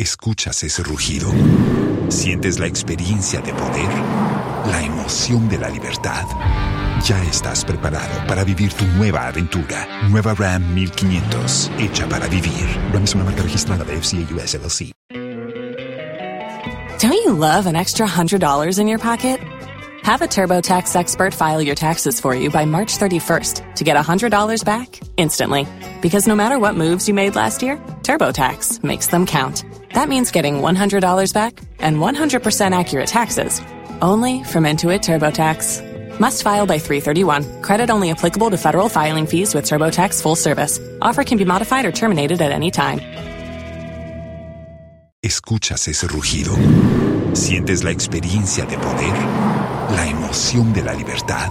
Escuchas ese rugido. Sientes la experiencia de poder, la emoción de la libertad. Ya estás preparado para vivir tu nueva aventura. Nueva Ram 1500, hecha para vivir. Ram es una marca registrada de FCA US LLC. Don't you love an extra $100 in your pocket? Have a TurboTax expert file your taxes for you by March 31st to get $100 back instantly. Because no matter what moves you made last year, TurboTax makes them count. That means getting $100 back and 100% accurate taxes only from Intuit TurboTax. Must file by 331. Credit only applicable to federal filing fees with TurboTax full service. Offer can be modified or terminated at any time. Escuchas ese rugido. Sientes la experiencia de poder, la emoción de la libertad.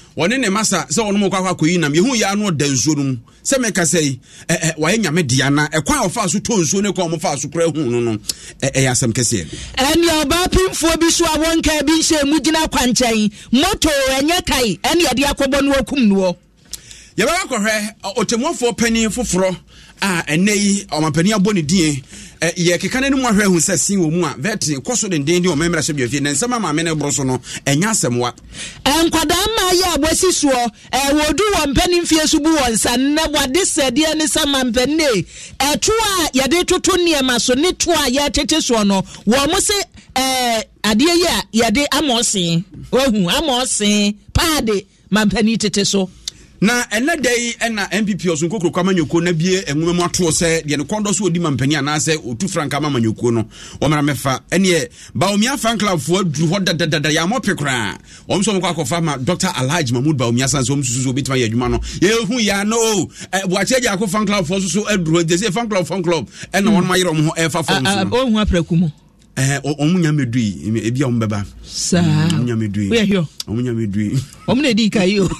wɔne ne masa sɛ wɔnom kɔ akɔ yi nam yɛhu yɛ ano da nsuo no mu sɛ meka sɛ yi eh, wayɛ nyame dea na ɛkwan a ɔfaa so tɔ nsuo no kɔ ɔmfaa so kora hu no no ɛyɛ asɛm kɛseɛ ɛne ɔbaa pimfoɔ bi so a wɔnkaa bi nhyɛ mu gyina kwankyɛn moto ɛnyɛ kae ɛne yɛde akɔbɔ no akum noɔ yɛbɛbɛkɔhwɛ ɔtɛmmuafoɔ panin foforɔ a ɛnɛ yi ɔmapani abɔ ne din yɛkeka no anim ahwɛ ahu sɛ sin wɔ mu a vetin kɔ so denden de ɔma mmarahyɛ biafie na nsɛm a maame no borɔ so no ɛnyɛ asɛmwa nkwadaa ma yɛ abɔsi soɔ wɔdu wɔ mpani mfie so bu wɔ nsa nnɛ wɔde sɛdeɛ ne sɛ mampɛnne ɛto a yɛde toto nneɛma so ne to a yɛtete soɔ no wɔ mo se adeɛ yi a yɛde ama ɔsee wahu ama ɔsee paade tete so na ɛnɛ da yi ɛna npp ɔso nkokuro kwa amanyɔkuo na bie nwoma mu ato sɛ deɛ no kɔndɔ so ɔdi ma mpani anaasɛ otu franka ma amanyɔkuo no ɔmmara mɛfa ɛneɛ baomia fan club clubfoɔ aduru hɔ dadadada yɛamɔ pe koraa ɔm sɛ ɔmkɔ akɔfa ma dr alhaj mahmud baomia san so ɔm susu obi ɔbɛtumi ayɛ adwuma no yɛhu yɛ no o boakyeɛ gyaako fan clubfoɔ so so aduru hɔ de sɛ fan club fan club ɛna mm. ma ayerɛ ɔm ho ɛfa fam so ɔhu apraku mu ɔmo nya medui ebi a ɔmo bɛba saa ɔmo nya medui ɔmo nya medui ɔmo na edi ka yi o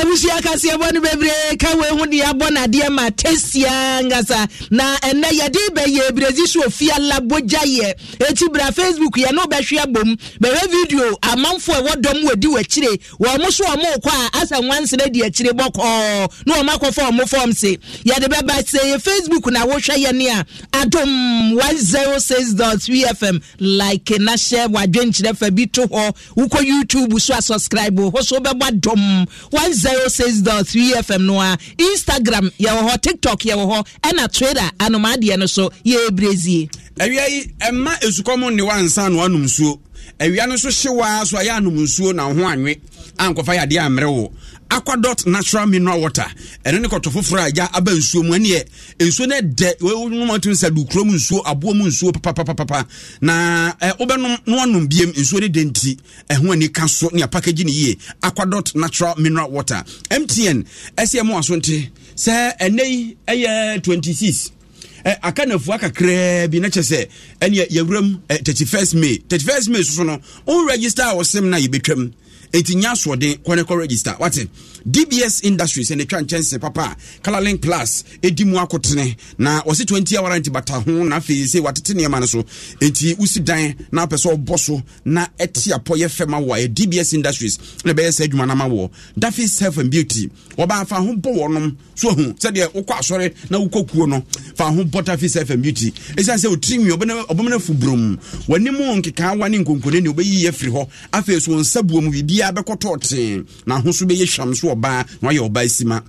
abusua kaseɛ bɔ no bebree ka wei ho deɛ abɔ nadeɛ ma tɛsia nkasa na ɛnɛ yɛde bɛyɛ brɛzi so ofia labogya yɛ ɛkyi bra facebook yɛ ne wobɛhwe abom bɛhwɛ video amanfoɔ ɛwɔ dɔm wɔdi w'akyire wɔ mo so ɔmo kɔ a asa nwansere de akyire bɔkɔɔ na ɔmo akɔfa ɔmo fɔm se yɛde bɛba sɛ yɛ facebook na wohwɛ yɛ ne a adom 106.3 fm like na hyɛ wadwenkyerɛ fa bi to hɔ wokɔ youtube so a subscribe hɔ so wobɛbɔ dɔm one zero six dot three fm noa a instagram yɛwɔ hɔ tiktok yɛwɔ hɔ ɛna twitter anomadeɛ no so yɛbrezie awia yi ɛma esukɔm ne nsa no anom nsuo awia no so hyewaa so a yɛ anom nsuo na ho anwe ankɔfa yɛadeɛ ammerɛ wo aquadot natural mineral water ɛno ne kɔtɔ foforɔ a gya aba nsuo mu ɛneɛ nsuo no ɛdɛ wonoma tumi sɛ dukuro mu nsuo aboɔ mu nsuo papapapapa na wobɛnom na wanom biam nsuo no dɛ nti ɛho ani ka so nea package no yie aquadot natural mineral water mtn ɛsɛ ɛmo aso nte sɛ ɛnɛ yi ɛyɛ 26 eh, aka nafua kakraa bi na kyɛ sɛ ɛneɛ yɛwuram eh, 31 may 31 may soso no wo register a wɔsem no yɛbɛtwam eti nya asoɔden kɔnɛkɔ register wate dbs industries ɛna atwa nkyɛnse papa link plus edi mu akotene na wɔsi twenty hour warranty bata ho na afei sɛ watete nneɛma no so eti wusi dan na apɛ sɛ ɔbɔ so na ɛte apɔ yɛ fɛm awɔ a dbs industries ɛna bɛyɛ sɛ adwuma nam awɔ dafi self and beauty wɔba fa ho bɔ wɔnom so ho sɛdeɛ wokɔ asɔre na wokɔ kuo no fa ho bɔ dafi self and beauty esiane sɛ otirinwi ɔbɛmɛ fu burom wɔnim nkekaawa ne nkonkone ne ɔbɛyi yɛ firi hɔ afei so wɔn nsa buom bibi biara bɛkɔtɔ tee na ahosuo bɛyɛ hwam ɔbaa na wayɛ ɔbaa sima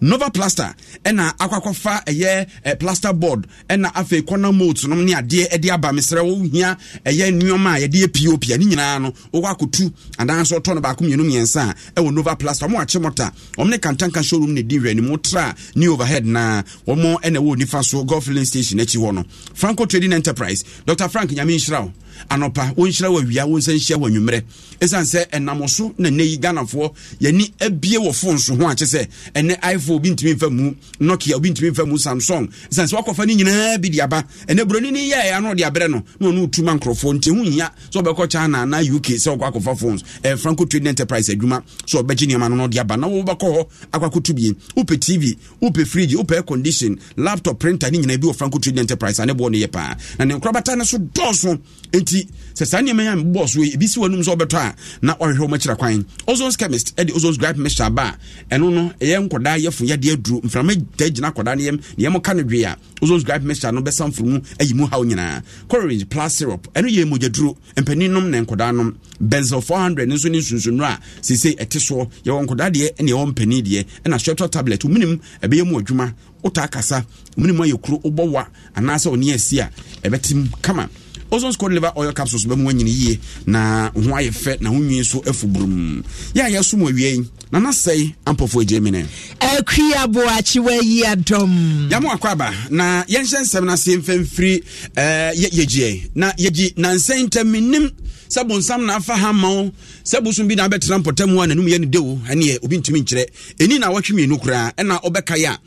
nova plaster ɛna akɔakɔfa ɛyɛ eh, plaster board ɛna afei kɔna mold nom ne adeɛ ɛde aba mesrɛ wohia ɛyɛ nneɔma a yɛde yɛ pop a nyinaa no wowɔ akɔtu anaasɛ ɔtɔ no baako mmienu mmiɛnsa a ɛwɔ nova plaster ɔmo akye mɔta ɔmo ne kantanka showroom ne di wɛni mu tra ne overhead na ɔmo ɛna ɛwɔ nifa so golf lane station akyi hɔ no franco trading enterprise dr frank nyame nhyira anɔpa wɔnhyira wɔ awia wɔnsa nhyia wɔ anwummerɛ ɛsiane sɛ ɛnam so na nnɛ yi ghanafoɔ yɛni abie wɔ fon so ho akye sɛ ɛnɛ iphone obi ntumi mfa mu nokia obi ntumi mfa mu samsung ɛsiane sɛ wakɔfa no nyinaa bi de aba ɛnɛ buroni no yɛɛ ano de abrɛ no na ɔno wotu ma nkurɔfoɔ nti ho hia sɛ ɔbɛkɔ china anaa uk sɛ wɔkɔ akɔfa phones ɛɛ franco trading enterprise adwuma sɛ ɔbɛgye nneɛma no no de aba na wɔbɛkɔ hɔ akɔ akɔtu bie wopɛ tv wopɛ fridge wopɛ air condition laptop printer ne nyinaa bi wɔ franco trading enterprise ane boɔ no yɛ paa na ne nkorabata no so dɔɔso nti sɛ saa nneɛma yi a mebɔ so ebi si wɔnum sɛ ɔbɛtɔ a na ɔhwehwɛ wɔn akyira kwan ozons chemist ɛde ozons gripe mixture ba a ɛno no ɛyɛ nkɔdaa yɛ fun yɛde aduro mframa da gyina akɔdaa ne yɛm ne ka no dwe a ozons gripe mixture no bɛsa mfuru mu ayi mu haw nyinaa courage plus syrup ɛno yɛ mogya duro mpanin nom ne nkɔdaa nom benzel four hundred nso ne nsonsonro a sese ɛte soɔ yɛwɔ nkɔdaa deɛ ɛne ɛwɔ mpanin deɛ ɛna streptol tablet ominim ɛbɛyɛ mu adwuma wotɔ akasa ominim ayɛ kuro wobɔ wa anaasɛ ɔne asi a ɛbɛtim kama ozone cold liver oil capsules bɛmu wanyini yie na ho ayɛ fɛ na ho nwi nso afu burum yɛ a yɛsom yi na nasɛe ampɔfoɔ agye mi ne akwi aboakye wayi adɔm yɛmo akɔ aba na yɛnhyɛ nsɛm no aseɛ mfamfiri eh, yɛgyeɛ na yɛgye nansɛ ntam nim sɛ bonsam na afa ha ma wo sɛ bosom bi na abɛtena mpɔtam mu a nanum yɛ no de wo ɛneɛ obi ntumi nkyerɛ ɛni na wɔtwe mmienu koraa ɛna ɔbɛkae a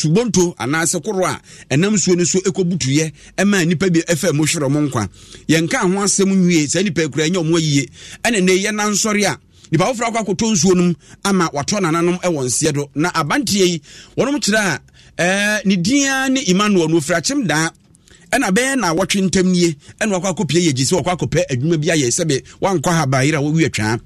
subonto anaasɛ koro a ɛnam suo no so ɛkɔbutuyɛ ɛma nnipa bi ɛfɛ mo hwerɛ mo nkwa yɛnka ho asɛm nwie saa nnipa akura ɛnyɛ ɔmo ayiye ɛne ne yɛ nansɔre a nipa foforɔ akɔ akɔtɔ nsuo nom ama watɔ nananom ɛwɔ nseɛ do na abanteɛ yi wɔnom kyerɛ a ɛɛ ne diaa ne emmanuel no ofira kyem daa ɛna bɛyɛ na wɔtwe ntam nie ɛna wakɔ akɔpie yɛ gyi sɛ wakɔ akɔpɛ adwuma bi ayɛ sɛbe wankɔ ha baayere a wɔwi atwaa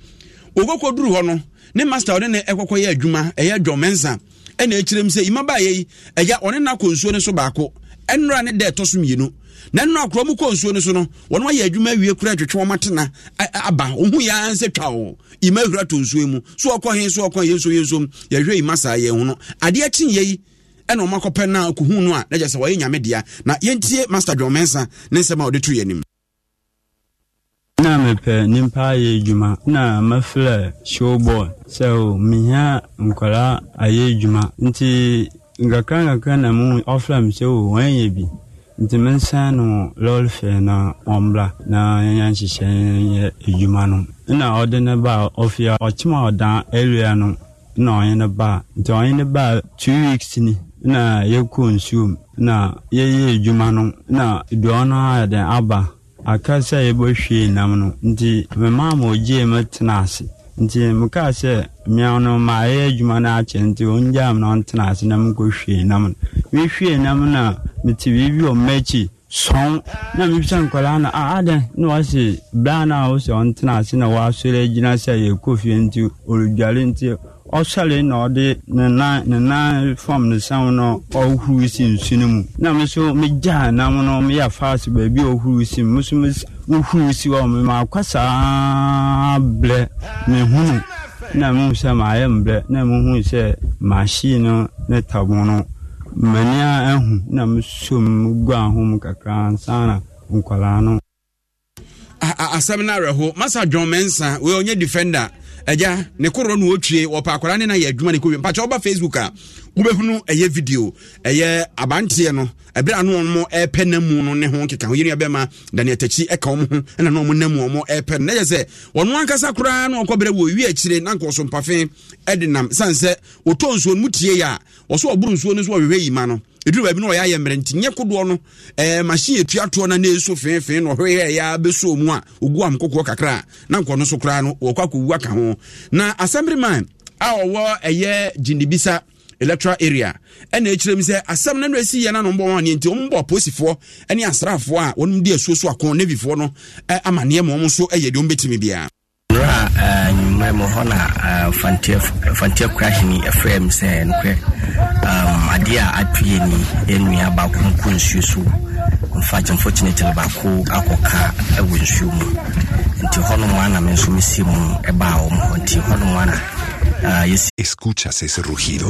okɔkɔ duru hɔ no ne master ɔne ne ɛkɔkɔ yɛ adwuma ɛyɛ dwɔmɛnsa ɛna akyerɛm sɛ mmabaawa yi ɛyɛ ɔne na kɔ nsuo no so baako ɛnura ne dɛ ɛtɔ so mmienu na nnu akora mu kɔ nsuo no so no wɔn ayɛ adwuma awie kura atwitwe wɔn atena aba ohun yaa nse twa o ima ehura to nsuo mu so ɔkɔ hen so ɔkɔ hen so yɛn so yɛhwɛ ima saa yɛn ho no adeɛ kyin yɛ yi ɛna wɔn akɔpɛ na kuhun no a n'agya sɛ wɔyɛ nyame na yɛntie master john mensa ne nsɛm a ɔde tu yɛn nim na mepɛ nipa ayɛ adwuma na mɛfrɛ showball sɛ o mehia nkwaraa ayɛ adwuma nti nkakra nkakra na mu ɔfrɛ me sɛ o wɔanyɛ bi nti mensan no lɔre fɛ na ɔmbra na yɛnya nhyehyɛ yɛ adwuma no na ɔde ne ba ɔfia ɔkyem a ɔdan awia no na ɔnye ne ba nti ɔnye ne ba two weeks ni na yɛkɔ nsuom na yɛyɛ adwuma no na aduane no ayɛ den aba aka sɛ yɛbɛhwie nam no nti memaa ma ogyee me tena ase nti mekaa sɛ mmea no maayɛ adwuma no akyɛ nti ɔngyaa m na ɔntena ase na mekɔhwie nam no mehwie nam no a mete biribi wɔ m'akyi sɔn na mebisa nkwadaa no adɛn na wase braa no a wo sɛ ɔntena ase na waasɔre agyina sɛ yɛkɔ fie nti ɔredware nti ɔsɛle na ɔde ne nan ne nan fam ne sam no ɔhuru si nsu no mu na me nso megyaa nam no meyɛ faase baabi a ɔhuru si mu nso wohuru si hɔ mema akɔ saa brɛ mehunu na mehu sɛ maayɛ mbrɛ na mehu sɛ mahye no ne tabo no mmani a ahu na mesom gua ho mu kakra ansa na nkwaraa no asɛm no awerɛho masa dwon mensa wei ɔnyɛ defender agya ne korɔ no ɔtwie wɔpɛ akwara ne na yɛ adwuma ne kɔwie mpakyɛ woba facebook a wobɛhunu ɛyɛ video ɛyɛ abanteɛ no ɛberɛ ano ɔnom ɛpɛ namu no ne ho keka ho yɛnua bɛma daniel takyi ɛka ɔm ho ɛna na ɔm namu ɔm ɛpɛ no na yɛ sɛ ɔno ankasa koraa na ɔkɔberɛ wɔ wi akyire na nka ɔso ɛde nam sane sɛ ɔtɔ nsuo no mu tie yɛ a ɔso ɔboro nsuo no so ɔhwehwɛ yima no ɛduru baabi no ɔyɛ ayɛ mmerɛnti nyɛ kodoɔ no eh, machine ɛtua toɔ no na ɛso feefee na ɔhwehwɛyɛ bɛsuo mu a ɔgu am kakra a na nkɔ no so koraa no wɔkɔ akɔwu aka ho na asɛmbere man a ɔwɔ ɛyɛ gyinibisa electoral area ɛna ɛkyerɛ mu sɛ asɛm no no ɛsi yɛ no anombɔ ma neɛ nti ɔmbɔ apolisifoɔ ne asraafoɔ a wɔnom de asuo so ako navifoɔ no eh, ama nneɛma ɔm so ɛyɛ deɛ ɔmbɛtumi biara mmerɛ a eh, nwummerɛ mu hɔ na eh, fantia kurahene ɛfrɛ m sɛ nokorɛ um, adeɛ a atoyɛ ni yɛnnua baako nkɔ nsuo so mfakyɛ mfokyinatine baako akɔka ɛwɔ nsuo mu nti hɔnom ana me nso mesie mu ɛbaa wɔ m hɔ nti hɔnom ana eh, Escuchas ese rugido.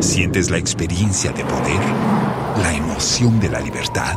Sientes la experiencia de poder, la emoción de la libertad.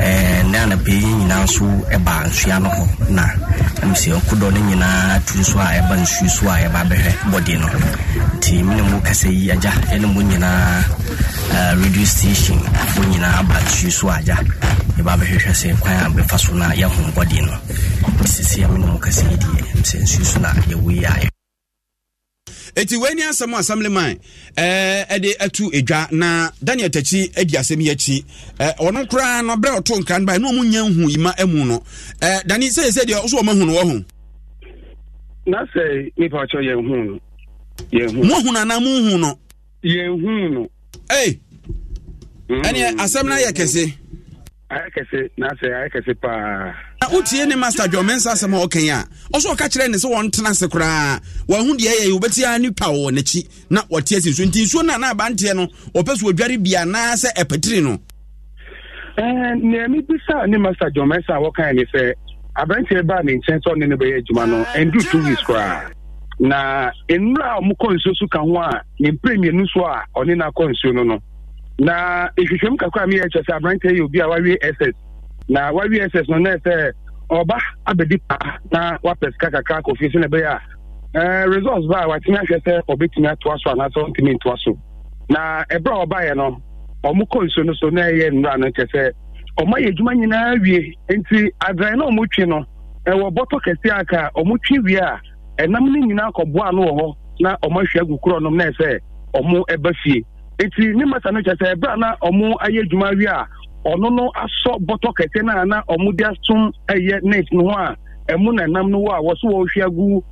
Eh, na anapɛ yɛn nyinaa nso ba nsua no ho na ɛm sɛ no nyinaa atu nso a ɛba nsu so a yɛba bɛhwɛ bɔde no nti mene mu kasa yi agya ɛne mu nyinaa eh, radio station mo nyinaa aba nsu so agya yɛba bɛhwehwɛ sɛ kwan a bɛfa so no a yɛho bɔde no sisi a mene mu kasa yi deɛ sɛ nsuo so na yɛwei a eti wei ni asɛm assemblyman ɛɛ eh, ɛde ɛtu edwa na daniel tɛkyi edi asɛm yi akyi ɛɛ eh, ɔno koraa no abirɛ ɔto nkran ba yi na ɔmo nya nhu yima ɛmu no ɛɛ eh, dani sɛyɛ sɛ deɛ ɔso ɔmo wɔ ho. na nipa kyɛ yɛn hu no yɛn hu. mo hu na na mo hu no. yɛn hu no. ee mm. ɛni asɛm na kɛse. ayɛ kɛse na ayɛ kɛse paa. wotie ne master asɛm a a ɔsɛ ɔka kyerɛ ne sɛ wɔntena koraa wahu deɛ na wɔte asi nsuo nti nsuo no ana abanteɛ no ɔpɛ so ɔdware bia anaa sɛ no nea mebisa ne master a wɔkae ne sɛ aberanteɛ baa ne nkyɛn sɛ ɔne no bɛyɛ adwuma no ɛnduru two ah! weeks koraa na nnura a ɔmokɔ nsuo so ka ho a ne mmienu so a ɔne no akɔ nsuo no no na ehwehwɛm kakra a meyɛ kyerɛ sɛ aberanteɛ yɛ obi na wawie ss no na ese ọba abɛdi na wapɛ sika kakra akɔfie so na ɛbɛyɛ a results ba a watumi ahwɛ sɛ ɔbɛtumi atoa so anaasɛ ɔntumi ntoa so na ɛberɛ a ɔbaeɛ no ọmụkọ kɔ nsuo na ɛyɛ nnura no kyɛ sɛ ɔmo ayɛ nyinaa wie nti adrae na ɔmo twe no ɛwɔ bɔtɔ kɛse aka ɔmo twe wie a ɛnam no nyinaa kɔboa ano wɔ hɔ na ɔmo ahwɛ agu korɔ nom na ɛsɛ ɔmo ɛba fie nti ne masa no kyɛ sɛ ɛberɛ a na ɔmo ayɛ adwuma wie a ɔno no asɔ bɔtɔ kɛse no a na ɔmode asom ɛyɛ net no ho a ɛmu na nam no wɔ a wọ wɔhwe agu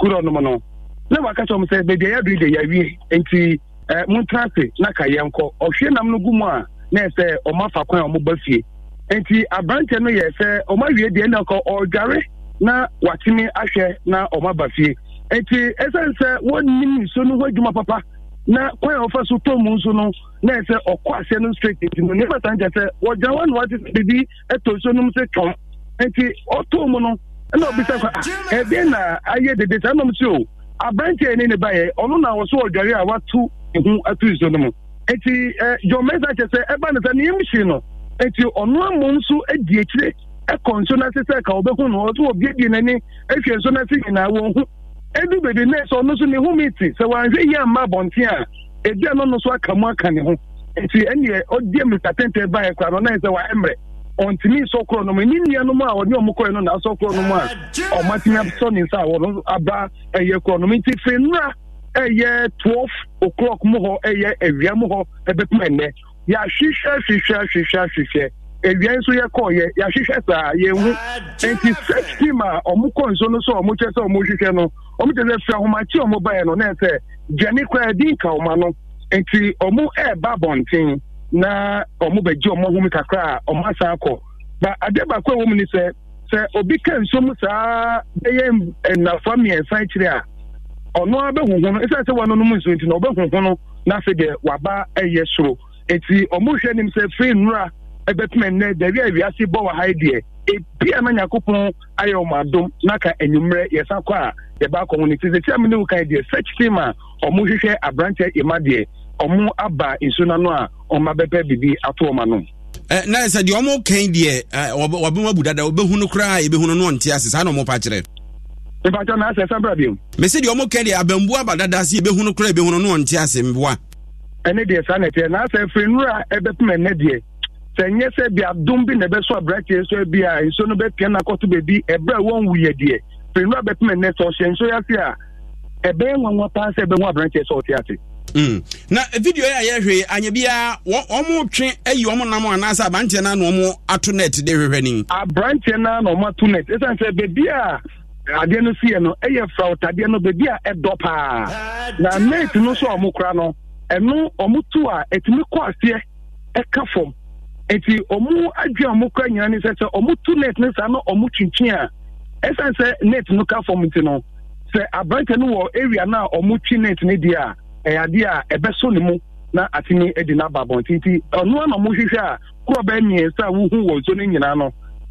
kurɔ nom no na waka kyɛ m sɛ baabi a yɛadoi de yɛawie nti montena ase na ka yɛnkɔ ɔhwe nam no gu mu a na ɛsɛ ɔma fa kwan a ɔmoba fie nti abrante no yɛ sɛ ɔma wie deɛ na ɔkɔ ɔdware na watumi ahwɛ na ɔma ba fie nti ɛsiane sɛ wɔnnim nsuo no ho adwuma papa na kwan a wɔfa so tɔ mu nso no na ɛsɛ ɔkɔ aseɛ no straight nti no nnipa san kyɛ sɛ wɔgya wa na wate bibi ɛtɔ nsuo no mu sɛ twɔn nti ɔtɔ mu no ɛna ɔbisa kwa ah, ɛbi na ayɛ dede saa nam si o oh, aberanteɛ ne ne ba yɛ ɔno na wɔso ɔdware a wato ehu ato nsuo no mu nti ɛ john mensa kyɛ sɛ ɛba ne sɛ ne yam si no nti ɔno amɔ nso adi akyire ɛkɔ nsuo no ase sɛ ka ɔbɛhu no ɔso ɔbiebie n'ani ehwɛ nsuo no ase nyinaa edubedi na-eso ọnụ so n'ihu miti sewara ya mma bụ ntị a edu anọ nụsụ aka mụ aka n'ihu nti ẹni yẹ ọdí ẹmi katẹntẹ ẹ báyẹ kura náà ẹsẹ wa ẹmẹrẹ ọ̀ntìmí sọkúrọ̀ ní a ọdí ọmọ kọ́ ẹ̀ náà sọkúrọ̀ nù mu a ọmọ ti ní sọ ní nsá wọ̀ aba ẹ̀yẹ kúrọ̀ ewia nso yɛ kɔɔ yɛ yɛahwehwɛ saa yɛnhu nti search team a ɔmo kɔ nsuo no sɛ ɔmo kyɛ no ɔmo kyɛ sɛ ɔmo na ɛsɛ dwane koraa di no nti ɔmo na ɔmo bɛgye ɔmo kakra a ɔmo asan akɔ ba ni sɛ sɛ obi ka mu saa nnafa mmiɛnsa akyire a ɔno no sɛ nti na na deɛ waba ɛyɛ ɛbɛtuma nnɛ dabi a wiase bɔ wɔ ha deɛ ebi a nyankopɔn ayɛ wɔn adom n'aka enyimmerɛ yɛsa kɔ a yɛba akɔ wɔn ne ti sɛ kyerɛ mi ne wuka deɛ search team a ɔmo hwehwɛ aberanteɛ ema deɛ ɔmo aba nsu n'ano a ɔmo abɛpɛ bibi ato ɔmo ano. ɛ na sɛ deɛ ɔmo kɛn deɛ wabɛn wabu dada obɛhu no koraa ebɛhu no no ɔnte ase saa na ɔmo pa kyerɛ. mpatɔ na asɛ sanbra bi mu. mesi deɛ ɔmo kɛn deɛ abɛnbu aba dada ase ebɛhu no koraa ebɛhu no no ɔnte ase mboa. ɛne deɛ saa na ɛteɛ na asɛ firi sɛ nyɛ sɛ bi adom bi na ɛbɛsɔ aberanteɛ so bi a nsuo no pia no akɔto baabi ɛberɛ a wɔnwu yɛ deɛ firi no ɛnɛ sɛ ɔhyɛ nsuo yɛase a ɛbɛyɛ nwanwa paa sɛ nwa aberanteɛ sɛ ɔte ase mm. na video yi a yɛhwɛ anya biara wɔn twe ayi wɔn nam anaasɛ na wɔn ato net de hwehwɛ ni. aberanteɛ no na wɔn ato net ɛsan sɛ beebi a adeɛ no si no ɛyɛ frawtadeɛ no beebi a ɛdɔ paa na net no nso a wɔn kura no ɛno tu a ɛtumi kɔ aseɛ ɛka fam nti ɔmo a ɔmo kɔ nyinaa ne sɛ sɛ ɔmo tu net ne saa na ɔmo twintwin a ɛsan e sɛ net no ka fam nti no sɛ aberante no wɔ area na a ɔmo e e twi net ne deɛ a ɛyɛ adeɛ a ɛbɛso ne mu na atumi adi n'aba abɔnten nti ɔno na ɔmo hwehwɛ a kuro bɛɛ mmiɛnsa a wohu wɔ nsuo no nyinaa no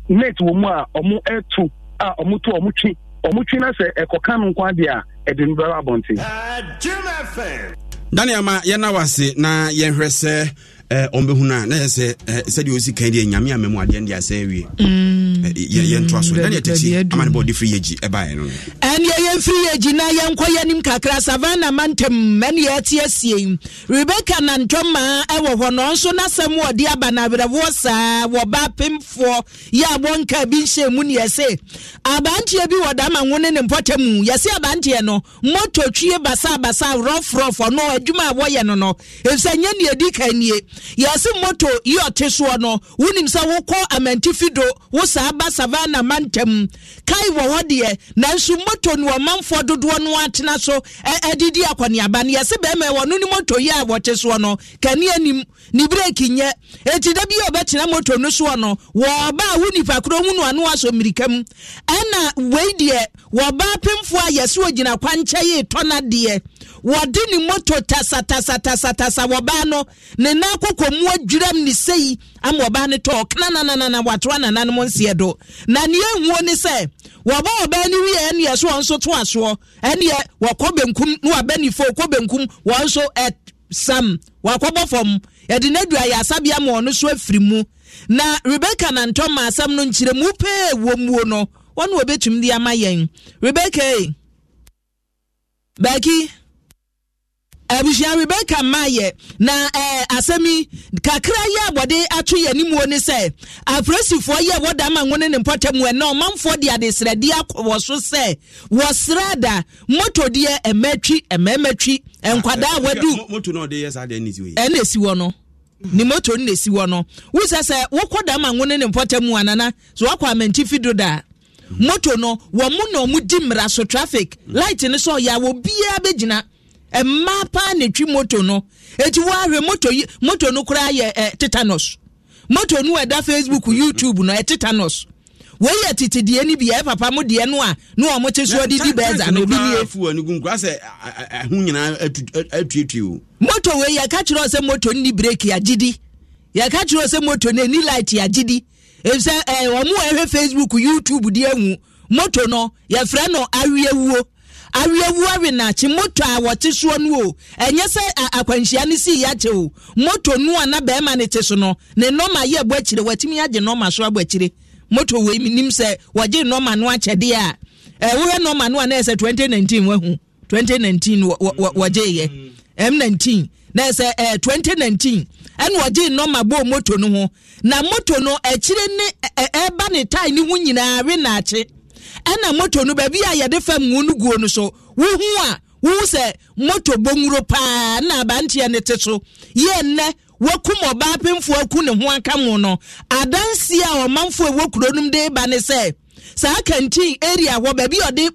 net wɔ mu a ɔmo ɛtu a ɔmo tu ɔmo twi ɔmo twi na sɛ ɛkɔka no nkwa deɛ a ɛdi no bɛba abɔnten. daniel ma yɛn na wase na yɛn hwɛ sɛ. ɔmbɛhu eh, eh, mm. eh, mm. no a na yɛ sɛ sɛdeɛ ɔsi kan deɛ nyame a ma mu adeɛ ndeɛ asɛ awie yɛntoa so ɛna yɛtaksi ama ne bɛ ɔde firi yɛgyi ɛbaeɛ no ɛneɛ yɛmfiri yɛgyi na yɛnkɔ yɛnim kakra savana ma ntam ɛne yɛte asie rebeka nantwɔmaa ɛwɔ hɔ no ɔnso n'asɛm wɔde aba no awerɛwoɔ saa wɔba pemfoɔ yɛ a bi nhyɛ mu ne yɛse abanteɛ bi wɔ dama wo ne ne mpɔtɛ mu yɛse abanteɛ no moto basabasa rɔfrɔf ɔno adwuma a wɔyɛ no no ɛfisɛ nyɛ neɛdi ka nie yɛse moto yi ɔte soɔ no wonim sɛ wokɔ fido wo saa e, e, e, ba savana mantam kai wɔ hɔ deɛ nanso moto ne ɔmanfoɔ dodoɔ no atena so adidi akɔneaba no yɛse bɛrima ɛwɔ no ne moto yi a wɔte soɔ no kane anim ne breki nyɛ enti da bi a ɔbɛtena moto no soɔ no wɔɔba a wo nipa korɔ hu no ano asɔ mmirika mu ɛna wei deɛ wɔba pemfoɔ a yɛse ogyina kwankyɛ yee tɔ deɛ wɔde ne moto tasatasatasatasa wɔbaa no ne nan kokomu adwiram ne sɛyi ama ɔbaa no tɔɔ kena nananana watoa nananom nseɛ do na neɛ nhuo ne sɛ wɔba ɔbaa no wieɛ neɛ so wɔn nso to asoɔ ɛneɛ wɔkɔ benkum na wabɛ nifo kɔ benkum wɔn nso sam wakɔbɔ fam yɛde n'adu ayɛ asabea ma ɔno so afiri mu na rebeka nantɔn ma asɛm no nkyerɛmu pee wɔ muo no wɔn na wɔbɛtumi de ama yɛn rebeka baaki abusua rebecca mayɛ na ɛɛ eh, asɛm yi kakra yi a wɔde ato yɛn anim wɔ ne sɛ apolisifoɔ yi a wɔda ama ngo ne ne mpɔtɛ mu ɛna ɔmanfoɔ de adesrɛdeɛ akɔ wɔ so sɛ wɔsrɛ da moto deɛ ɛmɛtwi ɛmɛmɛtwi nkwadaa ah, eh, wadu moto naa ɔde yɛ saa deɛ ɛna esi wɔ yi ɛna esi wɔ no ne moto no na esi wɔ no wusɛ sɛ wɔkɔ da ama ngo ne ne mpɔtɛ mu anana so wakɔ amɛnti fi do daa moto no wɔn mu na wɔn di mmira so traffic light no so ɔyɛ a obiara bɛgyina mmaa paa na etwi moto no eti wɔahwɛ moto yi moto no koraa yɛ ɛ tetanus moto no ɛda facebook youtube no ɛ tetanus wɔyɛ tete deɛ ni bi ɛ papa mo deɛ no a no a wɔte so ɔde di bɛɛza no obi nie. fu ani gun kura sɛ ɛho nyinaa atuetue o. moto wei yɛ ka sɛ moto ni breki agyidi yɛ ka kyerɛ sɛ moto no ni light agyidi efisɛ ɛɛ wɔn a ɛhwɛ facebook youtube deɛ hu moto no yɛfrɛ no awiewuo awiawu awenakye moto a wɔte soɔ no o ɛnyɛ sɛ akwanhyia no sii yɛakye o moto no a na bɛrima no te so no ne nɔma yɛ abɔ akyire watumi agye nɔma so abɔ akyire moto wei nim sɛ wɔgye nɔma no akyɛdeɛ a ɛwohɛ nɔma no a na ɛsɛ 2019 wahu 2019 wɔgyeeɛ m19 na ɛsɛ ɛɛ 2019 ɛna wɔgye nɔma bɔ moto no ho na moto no akyire ne ɛɛba ne tae ne ho nyinaa awenakye ɛna moto no baabi a yɛde fam wo no guo no so wohu a wohu sɛ moto bɔnwuro paa na abanteɛ no te so yɛ nnɛ wakum ɔbaa aku ne ho aka mo no a ɔmanfoɔ ɛwɔ kuro nom de ba ne sɛ saa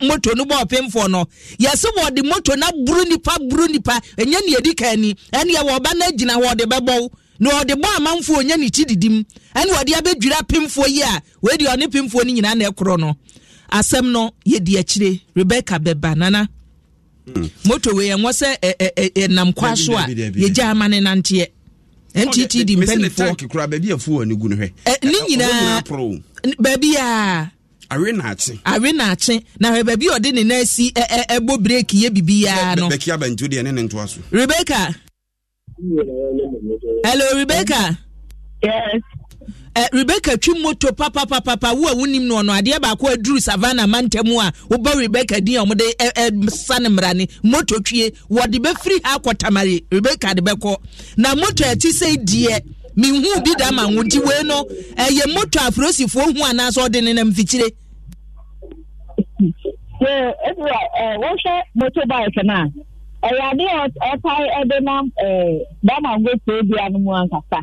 moto no bɔɔ no yɛsɛ wɔde moto no aburo nipa buru nipa ɛnyɛ ne yɛdi kan ni ɛneɛ no agyina hɔ na ɔde bɔ amanfoɔ ɔnyɛ ne ti didim ɛne ɔde abɛdwira pemfoɔ yi a wɔadi ɔne pemfoɔ asɛm no yɛdi akyire Rebeka bɛba nana moto wei ɛwɔ sɛ ɛnam kwa so a yɛgya ama ne nanteɛ oh, ntt di mpanifoɔ ne nyinaa baabi a awe naakye awe na hwɛ baabi a ɔde ne nan si ɛbɔ breki yɛ biribiaa no Rebeka. hello Rebeka. yes uh, rebecca twi moto papapapapa wo a wonim no ɔno adeɛ baako aduru savana mantamu a wobɔ rebecca din a ɔmde uh, uh, sane mmara ne moto twie wɔde bɛfiri ha akɔtamare rebecca de bɛkɔ na moto ɛte sɛ deɛ mehu bi da ma ho nti wei no ɛyɛ moto aforosifoɔ hu anaasɛ ɔde ne nam fikyire wohwɛ moto bike no a ɛyɛ adeɛ ɔtae ɛde nam bama ngo sɛ bia no mu ankasa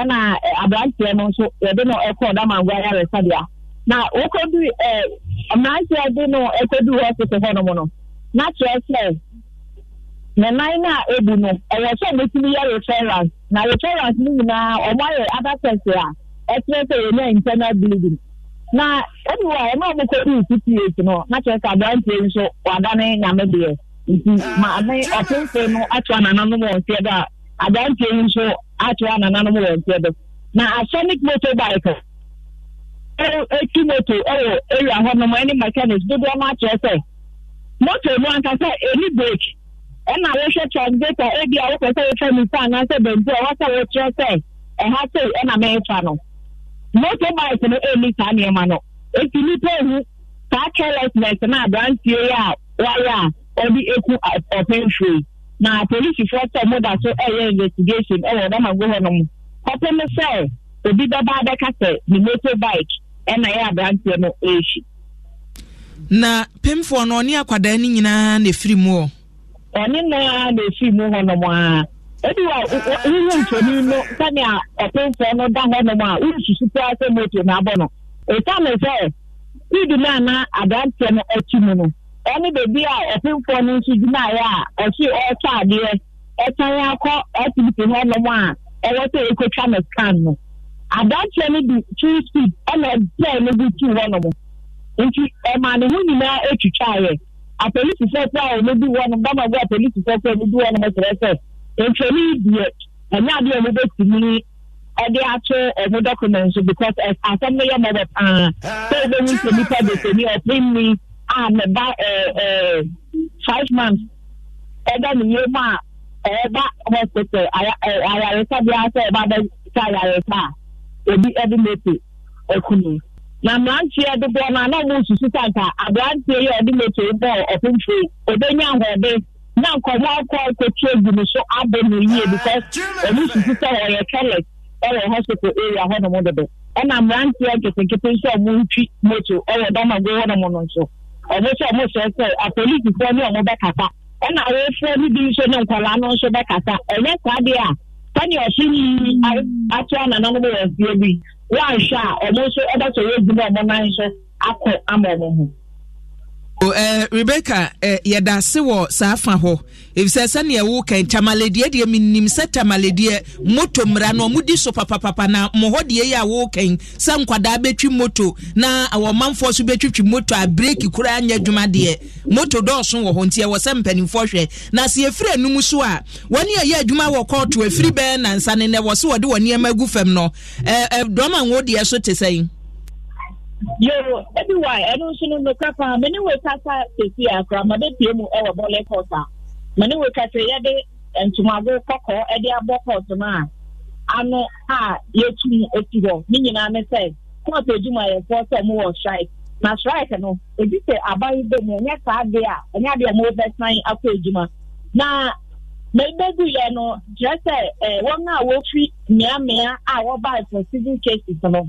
ɛna aberanteɛ no nso yɛde no ɛkɔɔ damangua yaresabea na wɔkɔdu ɛɛ mmeranteɛ de no ɛkɔdu hospital hɔnom no na kyerɛ sɛ ne nan no a ebu no ɛyɛ sɛ ɔbɛtumi yɛ reference na reference no nyinaa wɔn ayɛ other test a ɛkyerɛ sɛ internal bleeding na ebi no na kyerɛ sɛ nso wadane nyame deɛ nti maame no wɔn aberanteɛ yi nso atoa nananom wɔ nteɛ do na asonic moto etu moto ɛwɔ area hɔnom ɛne mechanics dodoɔ no akyerɛ sɛ moto no ankasa ɛni brake ɛna wɔhwɛ translator ebi a wɔpɛ sɛ wɔtwa nifa anaasɛ bɛntu a wɔsɛ wɔkyerɛ sɛ ɛha ɛna no moto no ɛni saa nneɛma no nipa ehu saa carelessness na yi a wɔayɛ a eku ɔpɛnfuo yi. na polisifoɔ sɛ moda so ɛyɛ investigation ɛwɔ ɔdama go hɔ no mu kɔpem sɛ obi bɛba abɛka sɛ ne ɛna ɛyɛ aberanteɛ no na pemfoɔ no akwadaa no nyinaa na ɛfiri mu hɔ ɔne na ɛfiri mu hɔ nom a ebi wɔ wohu mfoni no sɛnea ɔpemfoɔ no da hɔ nom a sɛ moto na abɔ no sɛ ana aberanteɛ ɔne beebi a ɔpemfoɔ no nso gyinaeɛ a ɔhye ɔretɔ adeɛ ɛsan akɔ ɔtibiti hɔnom a ɛwɔ sɛ ɛkɔtwa no scan no adanteɛ no de two speed ɛna ɛbɛɛ no bi tuu hɔnom nti ɛma ne ho nyinaa ɛtwitwaeɛ apolisifoɔ a ɔno bi hɔnom dama bi apolisifoɔ a ɔno bi hɔnom kyerɛ sɛ ntwɛni deɛ ɛnyɛ adeɛ a wɔbɛtumi ɛde ato ɔmo documents because asɛm no yɛ mɔbɔ paa sɛ ɛbɛnyi sɛ nipa bebree ɔpem ni a ah, meba ɛɛ eh, eh, five months ɛda ne yie mu a ɛɛba hospital ayaresa eh, bi asɛ ɛba bɛ sɛ ayaresa ebi ɛde mepe ekunu na mmeranteɛ dodoɔ no a ɔmo susu santa aberanteɛ yi a ɔde mepe bɔ ɔpemfe obenya ahoɔden na nkɔmɔ akɔ akɔtu egu ne so abɔ ne yie because ɔmo susu sɛ ɔyɛ toilet ɛwɔ hospital area hɔ dodo ɛna mmeranteɛ nketenkete nso a ɔmo ntwi moto ɛwɔ damago hɔ no nso. ọmụ sọ ọmụ sọ sọ apolisi fọ ni ọmụ bẹkasa ẹna awofo níbi nso ne nkwalaa no nso bẹkasa ẹnyẹ kwade a sani ọsùn yìí ọ anana no wọ nsuo bi wọn ahwẹ a ọmụ nso ẹbẹsọ yẹ edwuma ọmụ nan nso akọ ama ọmụ Uh, rebecca uh, eh, yɛda ase wɔ saa fa hɔ ɛfisɛ sɛneɛ woka tamaledeɛ deɛ menim sɛ tamaledeɛ moto mmara no ɔmodi so papapapa na mmɔhɔ deɛ yɛ a wokan sɛ nkwadaa bɛtwi moto na awɔmanfoɔ so bɛtwitwi moto a breki koraa nyɛ adwuma deɛ moto dɔɔso wɔ hɔ nti ɛwɔ sɛ mpanimfoɔ hwɛ na sɛ yɛfiri anum so a wɔne ɛyɛ adwuma wɔ kɔɔto afiri bɛɛ nansa ne nɛ wɔ so wɔde wɔ nneɛma agu fam no uh, uh, dɔm a wo deɛ so te sɛn yoo ebi wa ɛno nso no nokura paa mene wei kasa sesi akora made pie mu ɛwɔ bɔle kɔs a mene wei kasa yɛde ntomago kɔkɔɔ ɛde abɔ kɔs no a ano a yɛtum esi hɔ ne nyinaa ne edwuma kɔs adwumayɛfoɔ sɛ ɔmo wɔ strike na strike no ebi sɛ aban bɛ mu ɛnyɛ saa adeɛ a ɛnyɛ adị a mo bɛsan akɔ adwuma na mmebedu yɛ no kyerɛ sɛ ɛɛ wɔn a wofi mmeammea a wɔba ɛfɛ civil cases no.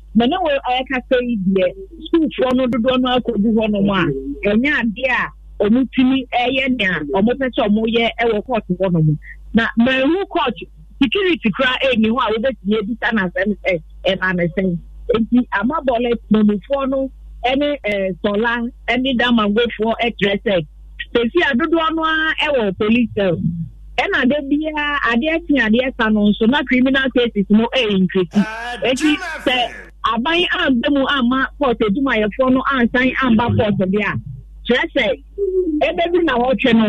mana wɔ ɛkasa yi deɛ sukuufoɔ no dodoɔ no akɔdu hɔnom a ɛnyɛ adeɛ a ɔmo tumi ɛyɛ nea ɔmo pɛ sɛ ɔmo yɛ ɛwɔ na mɛhu kɔɔto sikiriti koraa ɛni hɔ a wɔbɛtumi ebisa n'asɛm ɛ ɛnamɛsɛn eti amabɔlɛ mɛmufoɔ no ɛne ɛɛ sɔla ɛne ɛkyerɛ sɛ a dodoɔ no ɛwɔ ɛna biara no nso na criminal cases no ɛyɛ aban agbamu mu ama port adwumayɛfoɔ no ansan amba port a kyerɛ sɛ ɛbɛduru na wɔtwe no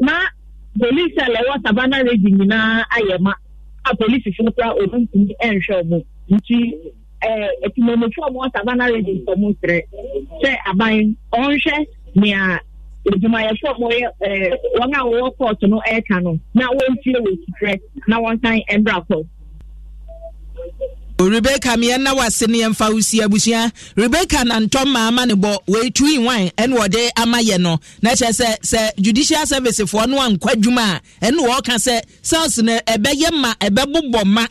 na polisi a lɛwɔ sabana regi nyinaa ayɛ ma a polisi no koraa ɔno ntumi nhwɛ ɔmo nti ɛɛ a wɔwɔ regi nso ɔmo serɛ sɛ aban ɔnhwɛ nea adwumayɛfoɔ eh, a wɔyɛ ɛɛ wɔn a wɔwɔ port no ɛɛka no na rebeka meɛ na wase ne yɛmfa wo si abusua rebeka nantɔm maama ne bɔ wɔatu in wan ɛne wɔde ama yɛ no na kyerɛ sɛ sɛ judicial servicefoɔ no ankɔ adwuma a ɛne wɔɔka sɛ sels no ɛbɛyɛ ma ɛbɛbobɔ ma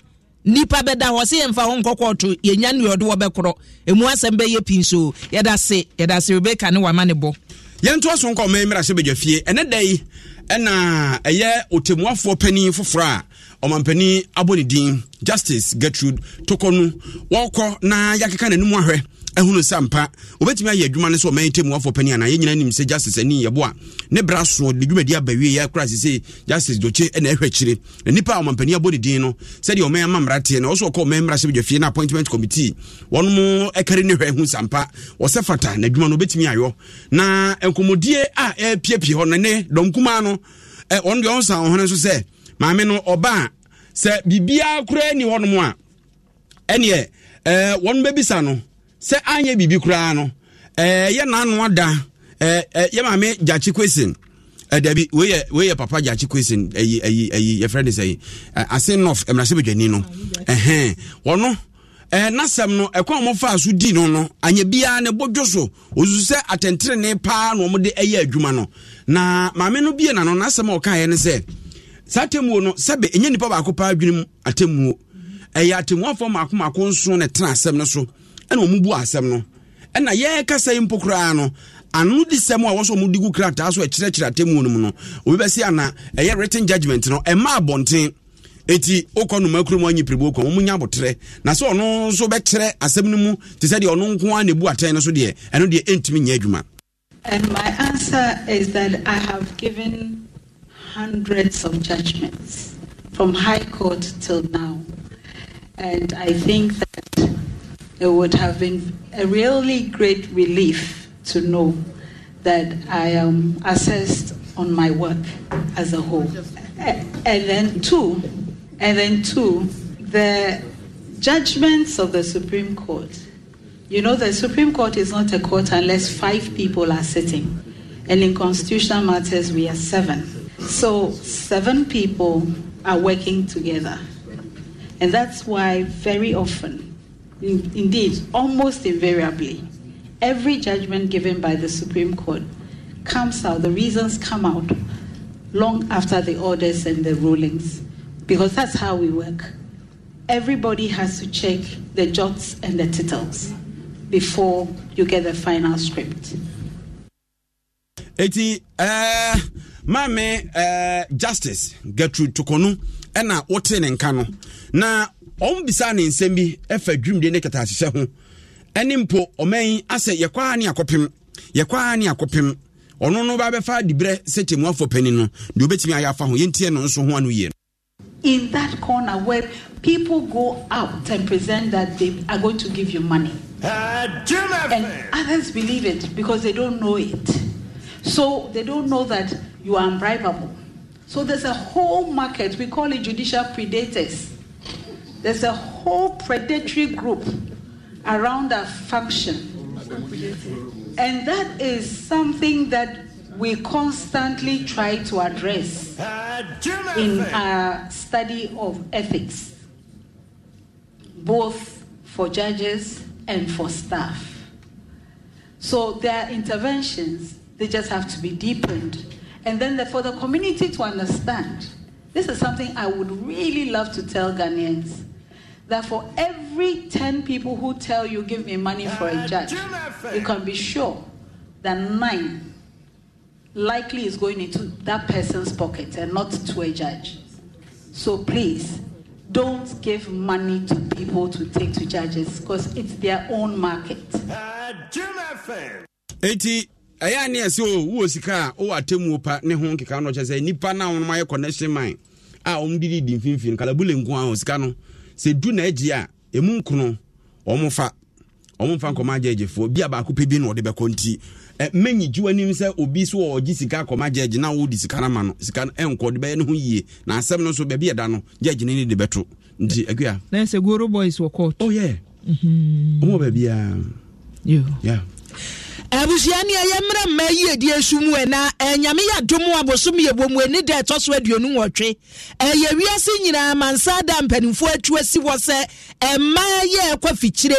nipa bɛda hɔ sɛ yɛmfa ho nkɔkɔɔto yɛnya ne ɔde wɔbɛkorɔ ɛmu e asɛm bɛyɛ pii so yɛda se yɛda se rebeka ne wama ne bɔ yɛntoa so nkɔ ɔma mmra sɛ badwa fie ɛnɛ da yi ɛna ɛyɛ ɔtɛmuafoɔ panin foforɔ a ɔmampanin abɔ ne justice gertrude Tokonu no na yɛakeka n'anim ahwɛ ahunu sɛ sampa wobɛtumi ayɛ adwuma no sɛ ɔman tam wafo pani anaa yɛnyina nim sɛ justice ani yɛbo a ne bra so de dwumadi aba wie yɛ kora sɛ sɛ justice dokye ɛna ɛhwɛ kyire na nipa a ɔmampani abɔ ne din no sɛdeɛ ɔman ama mmara teɛ na ɔso ɔkɔ ɔman mmara sɛ badwafie no appointment committee wɔnom ɛkari ne hwɛ hu sampa ɔsɛ fata na adwuma no wobɛtumi ayɔ na nkɔmmɔdie a ɛpiapie hɔ no ne dɔnkumaa no ɔno deɛ ɔnsa ɔhene nso sɛ maame no ɔbaa sɛ biribiara koraa ni hɔnom a ɛneɛ ɛɛ wɔn bɛbisa no sɛ anya biribi koraa no ɛɛ yɛ n'ano ada ɛɛ ɛɛ yɛ maame gyakye kwesin ɛdabi weyɛ weyɛ papa gyakye kwesin ɛyi ɛyi ɛyi yɛfrɛ ne sɛ yi ase nɔf ɛmɛnase bedwani no ɛhɛn wɔno ɛɛ n'asɛm no ɛkɔn a wɔfaa so di no no anya biara ne bɔdwo so osusu sɛ atɛntɛnɛnɛ paa na wɔde ɛyɛ adwuma no na maame no bie na no n'asɛm a ɔkaeɛ ne sɛ saa atemmuo no sɛbe ɛnyɛ nnipa baako paa adwene mu atemmuo ɛyɛ atemmuafoɔ maako maako nso ne tena asɛm no so ɛna ɔmu bu asɛm no ɛna yɛrekasa yi mpo koraa no ano di sɛm a wɔsɔ ɔmu di gu krataa so ɛkyerɛkyerɛ atemmuo no mu no obi bɛsi ana ɛyɛ written judgement no ɛma abɔnten eti okɔ numa kurom anyi piribu okɔ wɔn nya abotire na sɛ ɔno nso bɛkyerɛ asɛm no mu te sɛ deɛ ɔno nko ara na ebu atɛn no so deɛ ɛno deɛ ɛntumi nyɛ adwuma. and my answer is that i have given. hundreds of judgments from High Court till now. And I think that it would have been a really great relief to know that I am assessed on my work as a whole. And then, two, and then, two, the judgments of the Supreme Court. You know, the Supreme Court is not a court unless five people are sitting. And in constitutional matters, we are seven. So seven people are working together. And that's why very often, in, indeed, almost invariably, every judgment given by the Supreme Court comes out, the reasons come out long after the orders and the rulings, because that's how we work. Everybody has to check the jots and the tittles before you get the final script. Eighty. uh... Eh, maame uh, justice gertrude tokonu ɛna wote ne nka no na ɔmo bisa ne nsɛm bi ɛfa dwumde ne kɛtɛahyehyɛ ho ɛne mpo ɔman asɛ yɛkwaa ne akɔpem yɛkwaa ne akɔpem ɔno no babɛfa diberɛ sɛ tɛmuafoɔ pani no deɛ wobɛtumi ayɛ afa ho yɛntiɛ no nso ho ano yie in that corner where people go out and present that they are going to give you money. Uh, and others believe it because they don't know it. So they don't know that you are unbribable. So there's a whole market, we call it judicial predators. There's a whole predatory group around our function. And that is something that we constantly try to address in our study of ethics, both for judges and for staff. So there are interventions they just have to be deepened. And then the, for the community to understand, this is something I would really love to tell Ghanaians that for every 10 people who tell you, give me money for a judge, you can be sure that nine likely is going into that person's pocket and not to a judge. So please, don't give money to people to take to judges because it's their own market. 80. ɛyɛ ne ɛsɛ o oh, wowɔ sika a wowɔ atemmuo pa ne ho nkeka no ɔkyɛ sɛ nnipa no wonom ayɛ connection man a ɔm de di mfimfini kalabule nko a sika no sɛ du na agye a ɛmu nkono nkɔma bi a baako pɛ na ɔde bɛkɔ nti obi so ɔgye sika akɔma na wodi sika no ma sika no de bɛyɛ yie na asɛm nso baabi no ne de bɛto na sɛ goro boys wɔ court oh yeah mhm. abusua ne ɛyɛ mmerɛ mma yi edi esu mu ɛna ɛnyame yɛ adum abosom yɛ bɔ mu eni da ɛtɔ so aduonu wɔtwe ɛyɛ wiase nyinaa mansa da mpanimfoɔ atu asi hɔ sɛ ɛmmaa yɛ ɛkɔ fikyire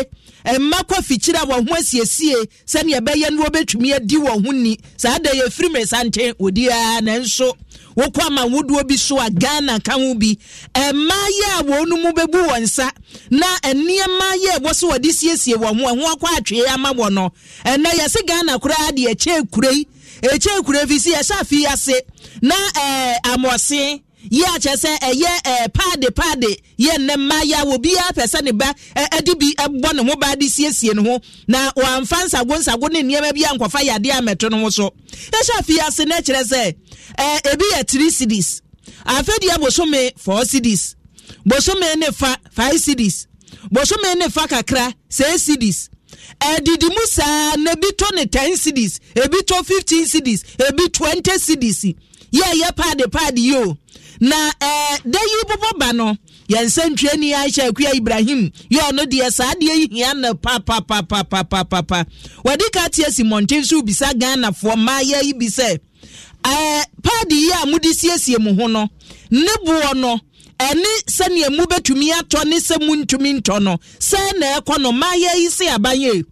mma kɔ fikyire a wɔn ho asiesie sɛnea ɛbɛyɛ no wɔbɛtumi adi wɔn ho ni saa da yɛ firi mmesanten odi ara nanso wokɔ ama wodoɔ bi so a ghana ka ho bi ɛmaa a wɔn mu bɛbu wɔn nsa na nneɛma yɛ ɛwɔ so wɔde siesie wɔn ho ɛho akɔ atwee ama wɔn no ɛnɛ yɛsi ghana koraa deɛ ɛkyɛ ekure yi ɛkyɛ ekure fi si yɛhyɛ afi ase na ɛɛ amɔsen yie akyɛ sɛ ɛyɛ ɛɛ paade paade yɛ nnɛmma yɛ a obiara pɛ ne ba ɛde bi ɛbɔ ne ho ba de siesie ne ho na wɔamfa nsago nsago ne nneɛma bi a nkɔfa yadeɛ amɛto ne ho so ɛhyɛ afei ase na sɛ ɛɛ ebi yɛ three cities afɛdeɛ bosome four cities bosome ne fa five cities bosome ne fa kakra six cities ɛdidi mu saa na bi tɔ ne ten cities ebi tɔ fifteen cities ebi twenty cities yɛ ɛyɛ paade paade yi o. na eh, da yi bobɔ ba no yɛnsa ntwani ahyɛ akua ibrahim yɛ ɔno deɛ saa deɛ yi hia no papapapapapapa wɔde ka teɛ si mmɔnten so wobisa ghanafoɔ mmaayɛ yi bi sɛ eh, paadi yi a mode siesie mu ho no ne boɔ no ɛne sɛnea mu bɛtumi atɔ ne sɛ mu ntumi ntɔ no sɛ na ɛkɔ no mmaayɛ yi se abayɛ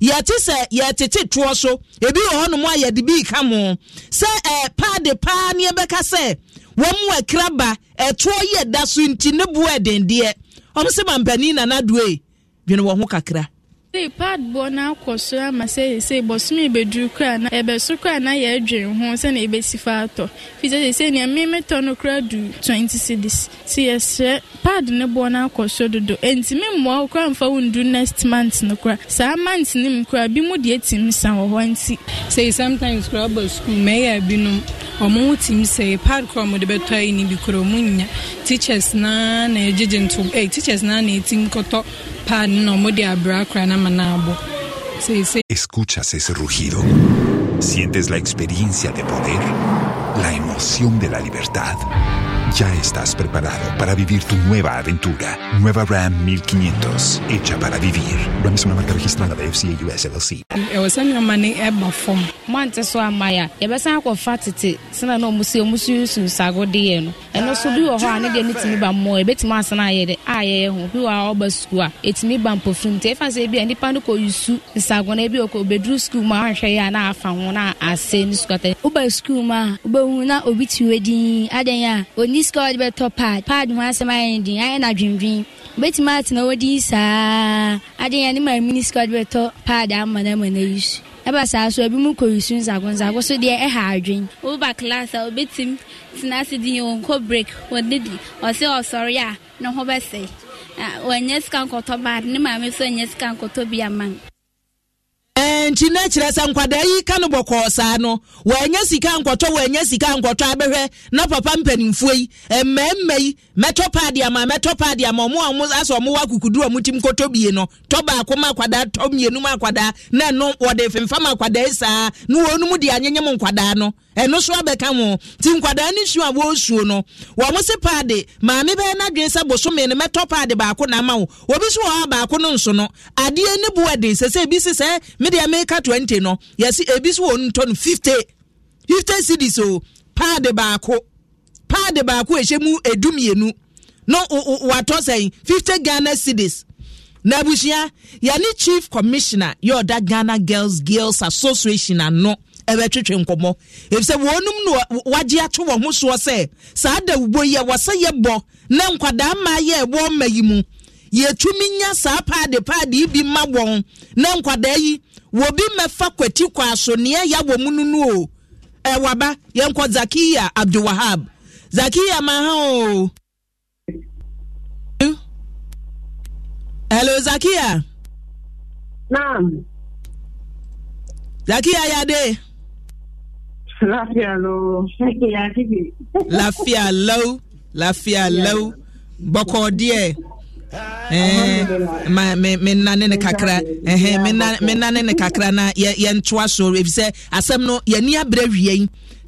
yɛte sɛ yɛtete toɔ so ebi wɔ hɔnom a yɛde bi ka mo sɛ ɛɛ eh, paadi paa ne ɛbɛka sɛ wɔn mu akra ba ɛtoɔ yɛ da so nti ne bu ɛdendeɛ wɔn sɛ mampanin nana doe dwene wɔn ho kakra sei paad boɔ no akɔ so ama sɛ sei bɔsome bɛduru koraa na ɛbɛso koraa na yɛadwene ho sɛne ɛbɛsi fa atɔ firi sɛ sɛsei nea memetɔ no koraa du 20 cities nti yɛsrɛ paad ne boɔ no akɔ so dodo ɛnti memmoa wo koraa mfa wo ndu next month no koraa saa month no mu koraa bi mu deɛ tim sa wɔ hɔ nti sei sometimes koraa wobɔ sukuu mɛyɛ binom ɔmo ho tim sɛ paad koraa mode bɛtɔ yi ne bi koraa ɔmo nya teachers naa na ɛgyegye nto eh, teachers naa na ɛtim kɔtɔ Escuchas ese rugido. Sientes la experiencia de poder, la emoción de la libertad. Ya estás preparado para vivir tu nueva aventura. Nueva Ram 1500, hecha para vivir. Ram es una marca registrada de FCA US LLC. Ɛwɔ sɛ nneɛma no ɛba fam. Moante so ama yɛ a, yɛbɛsan akɔfa tete sena na ɔmusi ɔmusi yusu nsago deɛ no. Ɛno so bi wɔ a ne deɛ ne tumi ba mmɔ, ebetumi de. aye dɛ a yɛyɛ ho. Bi wɔ a ɔba sukuu a, etumi ba mpofin te. ebi a nipa no yusu nsago na ebi ɔkɔ obeduru sukuu mu a ahwɛ yɛ na afa na ase ne sukuu atɛ. Woba na obi ti wɔ oni sika ɔde bɛtɔ pad pad ho asɛm ayɛ ne den ayɛ n'adwendwen obɛtumi atena wɔdi saa ade yɛn ne ma mini sika ɔde bɛtɔ pad ama na ama na yi so ɛba saa so ebi mu kɔ yusu nsago nsago so deɛ ɛha adwen. woba class a obɛtumi tena ase di yɛn nkɔ break wɔde di ɔsɛ ɔsɔre a ne ho bɛsɛ ah, wɔnyɛ sika nkɔtɔ bad ne maame so nyɛ sika nkɔtɔ bi ama. nkyi na kyerɛ sɛ nkwadaa yi ka no bɔkɔɔ saa no wɔanya sika nkɔtɔ wɔanya sika nkɔtɔ abɛhwɛ na papa mpanimfoɔ yi mmarima yi mɛtɔ paade ama mɛtɔ paade ama ɔmo a ɔmo asɛ ɔmo wɔ akukuduro a ɔmo tim kɔtɔ bie no tɔ baako ma akwadaa tɔ mmienu ma akwadaa na ɛno wɔde fimfam akwadaa saa na wɔn mu de anyenyem nkwadaa no ɛno so abɛka ho nti nkwadaa ne nsuo a wɔresuo no wɔn se paade maame bɛyɛ n'adwene sɛ bosome no mɛtɔ paade baako na ama wo obi so wɔ hɔ baako no nso no adeɛ ne bu ɛde sɛsɛ ebi si sɛ medeɛ meka twenty no yɛsi ebi so wɔn ntɔ no fifty fifty cedis o paade baako paade baako ehyɛ mu edu mmienu no watɔ sɛn fifty ghana cedis na abusua yɛne chief commissioner yɛ ɔda ghana girls girls association ano. No ɛbɛtwetwe nkɔmmɔ efisɛ wɔnum no wagye ato wɔn ho soɔ sɛ saa dawubo yi a wɔsɛ yɛbɔ na nkwadaa mmaa yɛ ɛwɔ mma yi mu yɛtumi nya saa paade paade bi ma wɔn na nkwadaa yi wobi mɛfa kwati kɔ asonneɛ yɛ wɔ mu no no o ɛwaba yɛnkɔ zakiya abdulwahab zakiya ma ha o. hello zakiya. naam. zakiya yade. Láfíà ló. Láfíà ló. Láfíà ló. Bọ́kọ̀ díẹ̀. menane ne kakra menane ne kakra na yɛntoa so ɛfisɛ asɛm no yɛni aberɛ wiei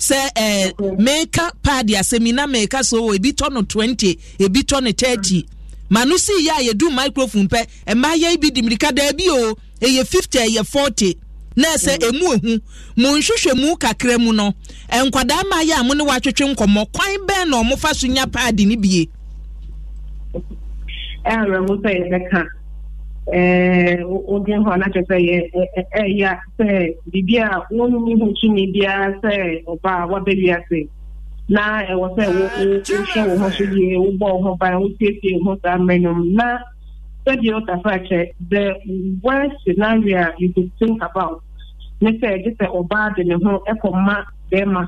sɛ eh, meka paade asɛmi na meka so wɔ ebi tɔ no 20 ebi tɔ no 30 ma no sii yɛ a yɛdu microphone pɛ ɛmaa yɛ bi di mmirika daabi o ɛyɛ 50 ɛyɛ forty. na ese mm. emu ehu mu nhwehwɛ mu kakra mu no nkwadaa a mo ne watwetwe nkɔmɔ kwan bɛn na ɔmo fa so nya paadi ne bie. ɛrɛ mo sɛ yɛ ɛɛ hɔ anakyɛ sɛ yɛ sɛ biribi a wɔn mu tumi sɛ ɔbaa ase na ɛwɔ sɛ wo wo wohwɛ wo ho so yie wobɔ wo ho ban wosiesie wo ho saa mmerɛ no na the worst scenario you could ne sɛ gye sɛ ɔbaa de ne ho ɛkɔ ma bɛrima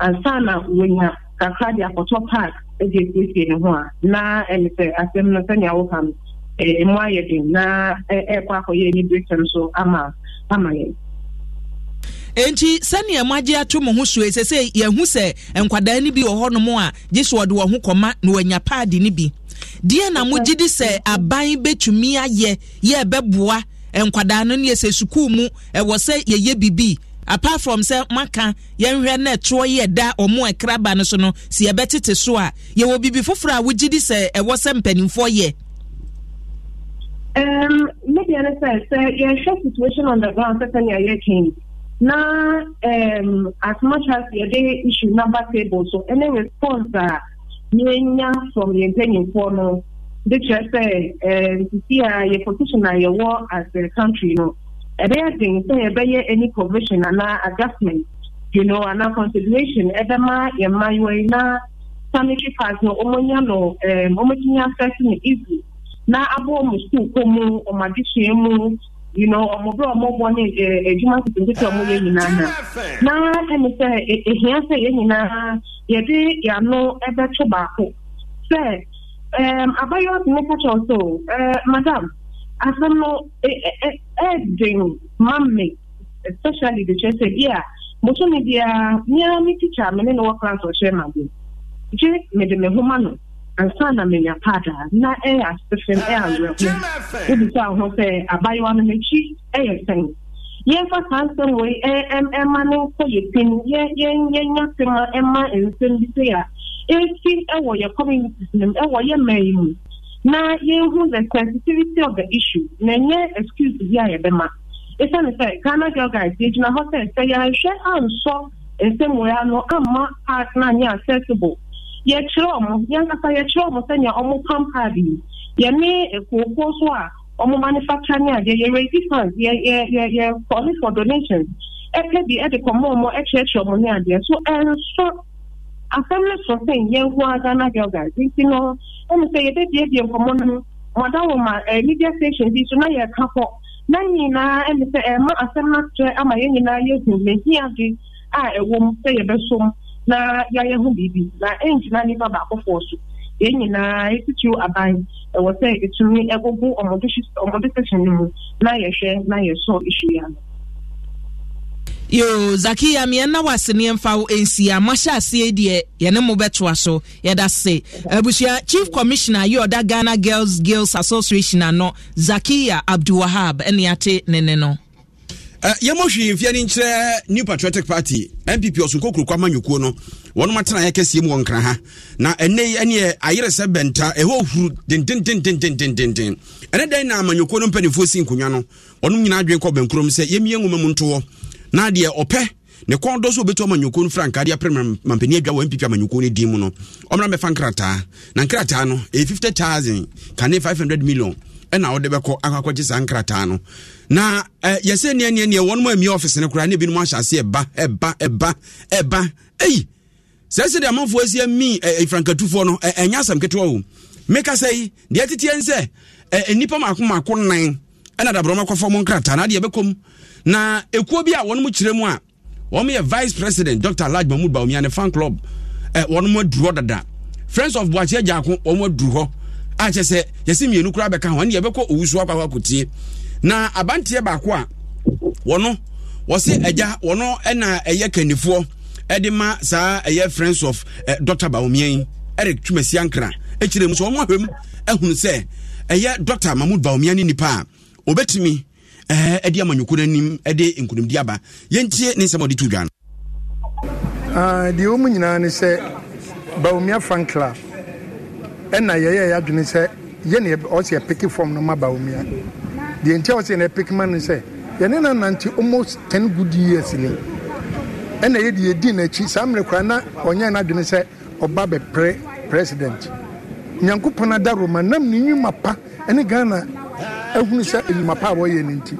ansa na wonya kakra de akɔtɔ park de asiesie ne ho a na ɛne sɛ asɛm no sɛnea woka no ɛmu ayɛ den na ɛɛkɔ akɔyɛ ne brɛsɛm so ama ama yɛn enti sɛnea moagye ato mo ho so sɛsɛ yɛhu sɛ nkwadaa no bi wɔ hɔnom a gye so ɔde wɔn ho kɔma na wanya paade no bi deɛ na mogye di sɛ aban bɛtumi ayɛ yɛ ɛbɛboa nkwadaa no ne yɛsɛ sukuu mu ɛwɔ sɛ yɛyɛ bibi apart from sɛ maka yɛnhwɛ na ɛtoɔ yɛ da ɔmo ɛkra ba no so no si yɛbɛtete so a yɛwɔ bibi foforɔ a wogye di sɛ ɛwɔ sɛ mpanimfoɔ yɛ um, maybe I said, say yeah, short situation on the ground, certainly I came. Now, um, as much as the day issue number table, so any response that uh, from the intending for no, de kyerɛ sɛ nsisi a yɛ a yɛwɔ as a country no ɛbɛyɛ den sɛ yɛbɛyɛ any provision anaa adjustment you consideration ɛbɛma eh, na sanitary pass no wɔn no access no na abɔ wɔn school kɔ mu wɔn mu you know bɔ ne eh, eh, na na ɛmu sɛ ehia sɛ yɛn nyinaa yɛde yɛn ɛbɛto baako sɛ. abayọs mmepacha ọsọ madam asem no mamme especially de kyerɛ bia moso me biara nea me tikya me ne ne wɔ class ma bi gye mede me ho ma na menya na abayewa yɛmfa saa nsɛm wei ɛma yɛ pin yɛnya sɛm a ɛma nsɛm bi sɛ yɛ esi ɛwɔ yɛ communities nim ɛwɔ yɛ mmaa mu na yɛnhu the sensitivity of the issue na nye excuse bi a yɛbɛma esiane sɛ ghana girl guides yɛgyina hɔ sɛ sɛ yɛanhwɛ ansɔ nsɛmua no part accessible yɛkyerɛ ɔmo yɛnkasa yɛkyerɛ ɔmo ɔmo pam card yi yɛne so a ɔmo manufacture ne adeɛ yɛ raise funds yɛ yɛ yɛ yɛ for donations ɛpɛ bi ɛde kɔmɔ ɔmo ɛkyerɛkyerɛ ɔmo ne asɛm no sɔ sɛ nyɛ nko ara na yoga nti no ɛnu sɛ yɛbɛbiebie nkɔmmɔ no mada wɔ ma ɛɛ eh, media station bi so na yɛka kɔ na nyinaa ɛnu eh, sɛ ɛma eh, asɛm no atrɛ ama yɛn nyinaa yɛhu mehiade a ɛwɔ mu sɛ yɛbɛsom na yɛayɛ ho biribi na ɛngyina nipa baakofoɔ so yɛn nyinaa yɛtitiw aban ɛwɔ sɛ yɛtumi ɛgugu ɔmɔdo station no mu na yɛhwɛ na yɛsɔ ehyia no yo zakia miɛnna wase ne yɛmfa wo ɛnsi a mahyɛ aseɛ deɛ yɛne mo bɛtoa so yɛda se abusua chief commissioner yɛ ɔda ghana girls girls association ano zakia abdulwahab ɛne ate ne ne no Uh, yɛmɔ hwee mfeɛ no nkyerɛ new patriotic party mpp ɔsonko kurokwa ma nwokuo no wɔnom atena yɛkɛseɛ mu wɔ nkra ha na ɛnɛ ɛneɛ ayerɛ sɛ bɛnta ɛhɔ huru dendendendendendenden ɛne dɛn na amanyɔkuo no mpanimfoɔ si nkonnwa no ɔnom nyinaa adwene kɔ bɛnkurom sɛ yɛmmie nwoma mu ntoɔ na deɛ ɔpɛ ne kɔn dɔ so obɛtu ama nyɔkuo no frankaa de apere mampani adwa wɔ mpp ama nyɔkuo no din mu no ɔmmra mɛfa nkrataa na nkrataa no ɛyɛ 50000 kane 500 million ɛna wɔde bɛkɔ akɔkɔgye saa nkrataa no na eh, yɛsɛ nneɛneɛneɛ wɔnom amia office no koraa ne binom ahyɛ ase ɛba ɛba ɛba ɛba ei sɛ sɛ deɛ amanfoɔ asi mi eh, frankatufoɔ no ɛnyɛ eh, asɛm ketewa o meka sɛ yi deɛ teteɛ n sɛ nnipa maako maako nan ɛna dabrɔma kɔfa mu nkrataa na adeɛ bɛkɔm na ekuo bi a wɔn mu kyerɛ mu a wɔn yɛ vice president dr alhaji mahmood bawumia fan club ɛ wɔn mu aduro dada friends of buakye gyaako wɔn mu aduro hɔ a kyɛ sɛ yɛsi mmienu koraa bɛka ho ɛni yɛbɛkɔ owusu akɔ na abanteɛ baako a wɔn wɔsi ɛgya wɔn na ɛyɛ ɛde ma saa ɛyɛ friends of ɛ dr eric ekyire mu ɛde eh, amanyɔkuo no anim de nkonimdi aba yɛntie ne nsɛm ɔde to no deɛ ɔ ah, mu nyinaa ne sɛ baomia fan club ɛna yɛyɛ yɛ adwene sɛ yɛne ɔsɛ yɛpeke fam no ma baomia deɛ nti a ɔsɛ yɛne ma no sɛ yɛne na nante almost 10 good years ni ɛna yɛde yɛdi n'akyi saa mmerɛ koraa na ɔnyɛ no adwene sɛ ɔba bɛprɛ president nyankopɔn adaroma roma nam ne nyuma pa ɛne ghana ehunu sɛ enyima pa a wɔyɛ ne nti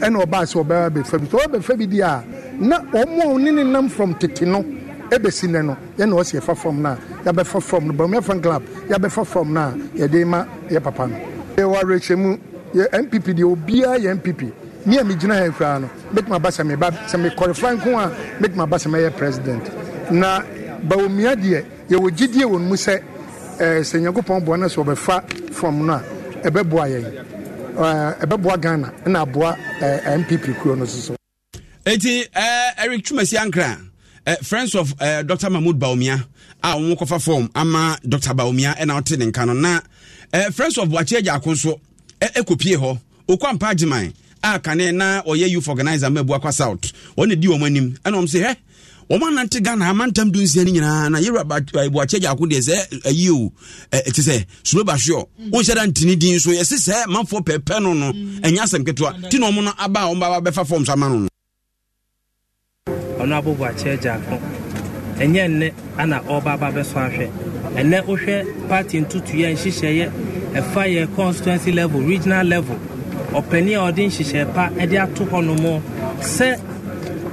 ɛna ɔbaa sɛ ɔbɛyɛ abɛfa bi ɔbɛfa bi di a na wɔn a ne ne nam from tete no ebesi ne no yɛna ɔsi ɛfa fam na yabɛfa fam no bɔn yɛfa glab yabɛfa fam na yɛde ma yɛ papa no. ɛwɔ awerɛkyɛ mu yɛ npp deɛ obiara yɛ npp ní ẹ̀mí gyina yẹn kura no mẹtìmá bá sẹmi bá sẹmi kọrìfà nkún a mẹtìmá bá sẹmi yẹ president na bawomia deɛ yɛwɔ gyidie wɔ mu sɛ ɛɛ sɛ nyankopɔn bɔ ne so ɔbɛfa fam no ɛbɛboa yɛn Eh, ɛbɛboa ghana na aboa npp eh, eh, kuro no soso eti eric chumasi ankra friends of dr mahmood baomia a wɔn kɔfa fam ama dr baomia ɛna ɔte ne nka no na friends of buakye agyako nso ɛkɔpie hɔ okwa mpa agyeman a kane na ɔyɛ youth organizer mmabu akwa south wɔn na di wɔn anim ɛna wɔn sɛ hɛ wɔma nante ghana amantam do nsia no nyinaa na yɛwura boakyɛ gyaako deɛ sɛ ayi eh, o ɛte eh, eh, sɛ suro basoɔ wonhyɛ mm. da ntini din so yɛse sɛ mafoɔ pɛpɛ no no ɛnyɛ mm. asɛm ketewa nti na ɔmo no aba a ɔmbaba bɛfa fam so ama no ɔno abo boakyɛ gyaako ɛnyɛ nnɛ ana ɔba aba bɛso ahwɛ ɛnɛ wohwɛ party ntutuyɛ nhyehyɛeɛ ɛfa yɛ constituency level regional level ɔpani a ɔde nhyehyɛe pa de ato hɔ no sɛ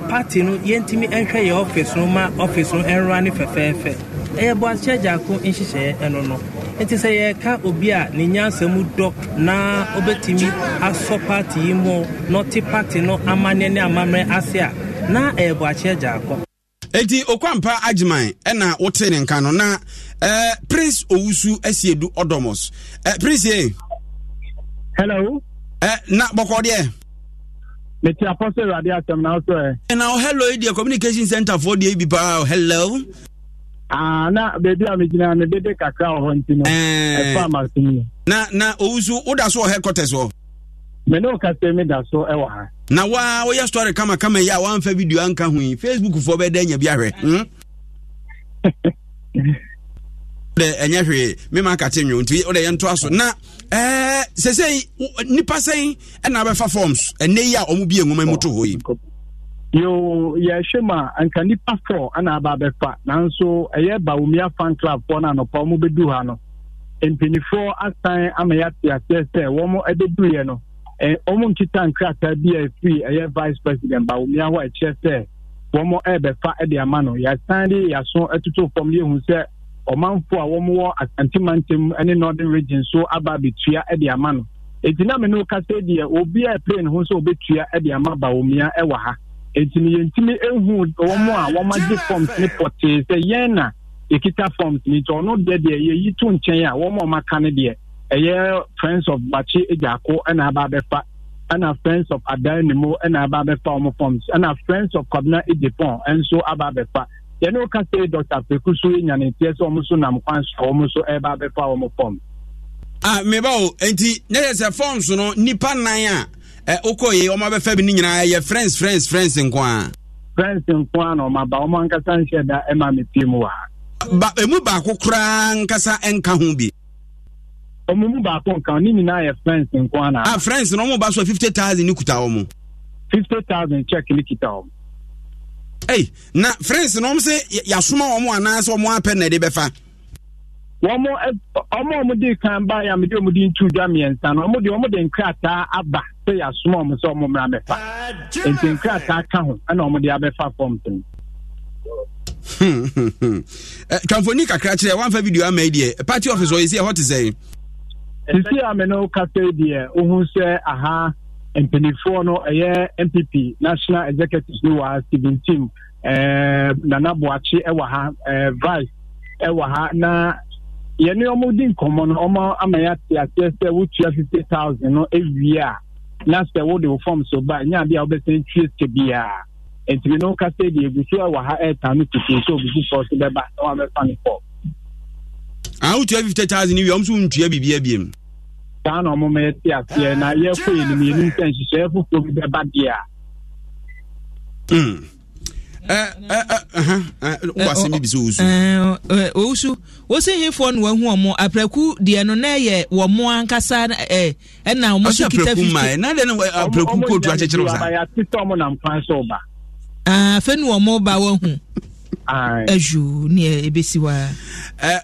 party no yɛntumi nhwɛ yɛ office no ma office no nra ne fɛfɛɛfɛ ɛyɛ boakyɛ gyako nhyehyɛeɛ ɛno no nti sɛ yɛreka obi a ne nyansa dɔ na obɛtumi asɔ party yi mu na ɔte party no amanneɛ ne amammerɛ ase a na ɛyɛ boakyɛ gyako eti okwampa agyeman ɛna wote ne nka no na eh, prince owusu asiedu odomos eh, prince ye hello na mete apɔ sɛ awurade asɛm na wosɛ ɛna hello yi deɛ communication center foɔ deɛ bi paa hello Ah, na beebi a megyina no dede kakra wɔ hɔ nti no ɛfa amasom no na na owu so woda so wɔ headquarters hɔ me ne wokasɛ me da so ɛwɔ ha na waa woyɛ story kama yi a woamfa video anka ho yi facebook foɔ bɛda anya bi ahwɛ hmm? dɛ ɛnyɛ hwee mema akate nwom nti wode yɛntoa so na ɛɛ eh, sɛsɛ nipa sɛn ɛna abɛfa forms ɛnɛ yi a ɔmo bi nwoma mu to hɔ yi. yoo yɛhwɛ ma nka nipa four ɛna aba abɛfa nanso ɛyɛ bawumia fan club fo na anɔpa ɔmo bɛdu ha no mpanyinfoɔ asan ama yɛate aseɛ sɛ wɔn du yɛ no ɛɛ wɔn nkita nkrataa bi a efiri ɛyɛ vice president bawumia hɔ ɛkyerɛ sɛ wɔn ɛɛbɛfa ɛde ama no yɛasan de yɛaso ɛtoto fam yɛhu sɛ ɔmanfo a wɔwɔ antimantam ne northern region so aba abɛtua de ama no eti na mene kasa deɛ obi a ɛpere ne ho sɛ obɛtua de ama baomia wɔ ha eti ne yɛntumi ehu wɔn a ah, wɔagye forms ne pɔtee sɛ yɛn na yɛkita forms ne nti ɔno deɛ deɛ yɛyi to nkyɛn a wɔn a wɔaka ne deɛ ɛyɛ friends of bakye egyako na aba abɛfa ɛna friends of adan ne mu na aba abɛfa wɔn forms ɛna friends of kaduna egyepɔn nso aba abɛfa. yɛne wo ka sɛ dɔkta peku so ɛnyane teɛ sɛ so nam kwan so ɔmo so ɛba bɛfa ɔmo fɔm meba o enti nyɛ sɛ fɔm so no nipa nan a ɔma bɛfa bi no nyinaa ɛyɛ friends friends friends nko a friends nko a na ɔmaba ɔmo nkasa nhyɛ da ɛma me pie mu wa ba emu baako koraa nkasa nka ho bi ɔmo mu baako nka ne nyinaa yɛ nko a na ah friends ɔmo ba so a fifty thousand ne kuta ɔmo fifty thousand check ne kita ɔmo Ey na friends na wɔn sɛ yasoma wɔn anaasɛ wɔn apɛ na ɛde bɛfa. wɔn eh, a wɔn de kan ba yà mí wɔn ntu dwa nkrataa aba sɛ yasoma wɔn sɛ wɔn bɛfa nti nkrataa ka ho ɛna wɔn de abɛfa fɔm tɛn. Eh, kakra kyerɛ video ama yi deɛ party office wɔ yi si ɛhɔ te sɛ. sisi mpanimfoɔ no ɛyɛ npp national executive no wɔ ha steven tim eh, nana boakye wɔ ha eh, vice wɔ ha na yɛne ɔmo di nkɔmmɔ no ɔmo ama yɛ ate aseɛ sɛ wotua fifty thousand no awie a na sɛ wode wo fam so ba nya bi a wobɛsan tue sɛ biara ntumi no kasa de egu so wɔ ha ɛɛta no tutu so obi si so bɛba na wabɛfa no fɔ. a ah, wotua fifty thousand ni wie ɔmo nso ntua biribi abiem saa na ọmụma eti aseɛ na yɛkɔ yɛ ni yɛn nsa nhyehyɛ foforɔ bi bɛba deɛ a. wasɛm bi bi sɛ ɔwusu ɔwusu wosi hinfoɔ no wahu ɔmo aprɛku deɛ no na ɛyɛ wɔn ankasa ɛna ɔmo so kita fifi ɔmo na deɛ no aprɛku kootu akyekyere wosa yɛate ɔmo nam kwan so ba afei na ɔmo ba wahu ɛju ne ɛbɛsi wa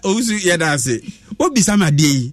ɔwusu yɛda ase obisa ma deɛ yi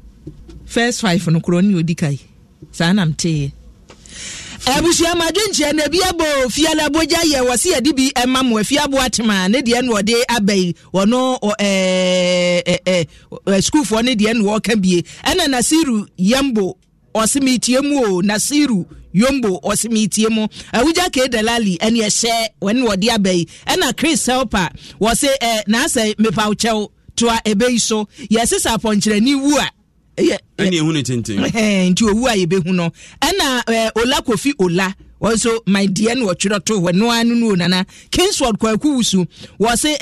first five no kuro ni odi kai saa nam teeɛ abusua ma adwenkyerɛ na bi abɔ fia na abogya yɛ wɔ se yɛde bi ma mo afie aboa atema ne deɛ na ɔde aba yi ɔno sukuufoɔ ne deɛ na wɔka bie ɛna nasiru yɛmbo ɔse metie mu o nasiru yombo ɔsimitie mu awugya ke dalali ɛne ɛhyɛ wɔne wɔde aba yi ɛna chris helper wɔse ɛ n'asɛ mepawkyɛw toa ebe yi so yɛsesa apɔnkyerɛni wu a ɛne ɛhu no tenten nti owu a yɛbɛhu no ɛna ola kofi ola wɔnso my deɛ no wɔtwerɛ to hɔ no ara nana kingsword kwaku wusu wɔ se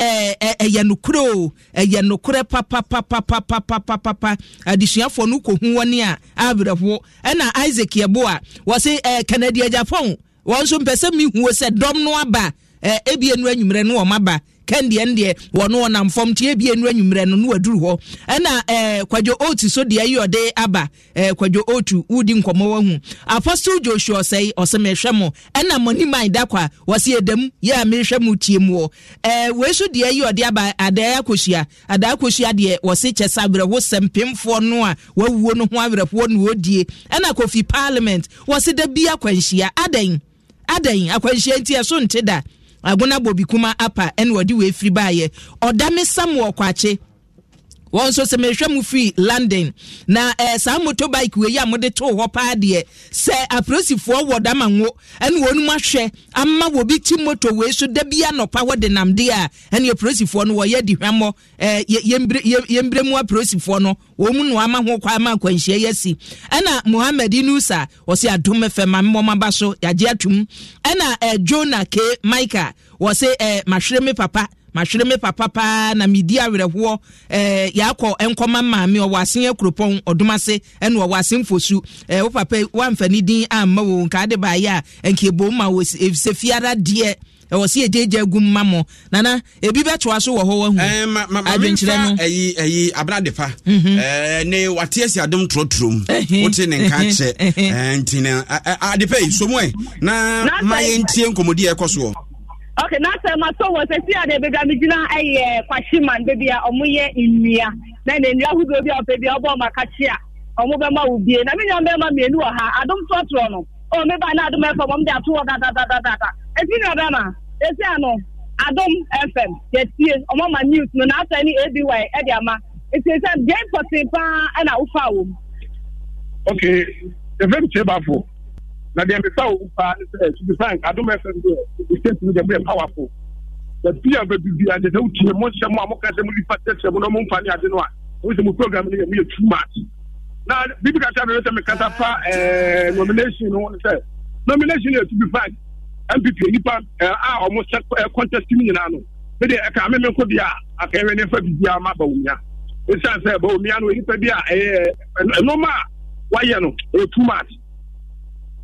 ɛyɛ nokorɛ o ɛyɛ nokorɛ papapapapapapapa adesuafoɔ no kɔhu wɔne a abrɛhoɔ ɛna isaac yɛbo a wɔ se kanadi agyapɔn wɔn nso mpɛ sɛ mehuo sɛ dɔm no aba ebie no anwummerɛ no wɔn aba kɛndeɛ no deɛ wɔno ɔnam fam nti ebie nu anwummerɛ no no waduru hɔ ɛna ɛɛ kwadwo otu so deɛ yi ɔde aba ɛɛ kwadwo otu wudi nkɔmɔ wahu apostle joshua ɔsɛyi ɔsɛmɛhwɛ mo ɛna mɔni man da kwa wɔsi edam yɛ a mehwɛ mo tie mu wɔ ɛɛ wei so deɛ yi ɔde aba adaa akosua adaa akosua deɛ wɔsi kyɛsɛ awerɛho sɛm mpemfoɔ no a wawuo no ho awerɛhoɔ no wɔdie ɛna kofi parliament wɔsi da bi akwanhyia adan adan akwanhyia nti ɛso nte da agona bobi kuma apa ɛna wɔde wɔ efiri baayɛ ɔdame samuel kwakye wọ́n nso sɛ mehwɛ mu fi london na eh, saa motobike wei a mode too hɔ paa deɛ sɛ apolisifoɔ wɔ dama ngo ɛne wɔn mu ahwɛ ama wɔbi ti moto wei so da bi anɔpa hɔ de nam deɛ a apolisifoɔ no wɔyɛ di hwammɔ eh, yɛmbrɛ mu apolisifoɔ no wɔn mu kwa ama akwanhyia yɛ si ɛna mohammed mahwere me papa paa na medi awerɛhoɔ eh, yɛakɔ nkɔma maame ɔwɔ asen akuropɔn ɔdom ase ɛne ɔwɔ ase mfosu eh, wo papa woamfa ne din amma wo nkaa de baayɛ a nkeɛbom ma wɔ eh, sɛ fiara deɛ ɛwɔ sɛ yɛgyagya agu mma mɔ nana ebi bɛtoa so wɔ hɔ wahu eh, adwenkyerɛ no ayi ayi abrade pa mhm. eh, ne wate asi adom torɔtoro mu wote ne nka kyɛ nti no yi somu ɛ na ma yɛntie nkɔmmɔdi a ɛkɔ soɔ ok uh, n'asọ ma so wọ sisi a na-ebe bịa megyina ɛyɛ kwashi man beebi a ɔmo yɛ nnua na na nnua ahodoɔ bi a ɔpɛ bi a ɔbɔ ɔmo akakyi a ɔmo bɛma wo bie na menya mbɛma mmienu wɔ ha adom tɔtɔrɔ no ɔmo meba na adom fm ɔmo de ato hɔ dadadadada esi na ɔda na esi ano adom fm yɛtie ɔmo ma news no n'asɔ ne aby ɛde ama esi esan deɛ mpɔtee paa ɛna ofa wɔ mu. ok efe mi tie baafo. na deɛ mbesa wo paa ne sɛ sugu sank adom fm deɛ state no deɛ moyɛ powerful na pii a bɛbibia deɛ sɛ wotie mo nhyɛ mo a moka sɛ monifa tɛkyerɛ mo na momfa ne ade no a wo sɛ mo program no yɛ moyɛ too much na bibi ka kyerɛ me no sɛ mekasa fa eh, nomination no ho no sɛ nomination yɛ sugu sank mpp nipa eh, a ɔmo sɛ eh, contest mu nyinaa no ne deɛ ɛka me menkɔ bi a akɛwɛ ne fa bibia ma ba womia ɛsiane sɛ ba womia no nipa bi a ɛyɛ ɛnoma a wayɛ no ɛyɛ too much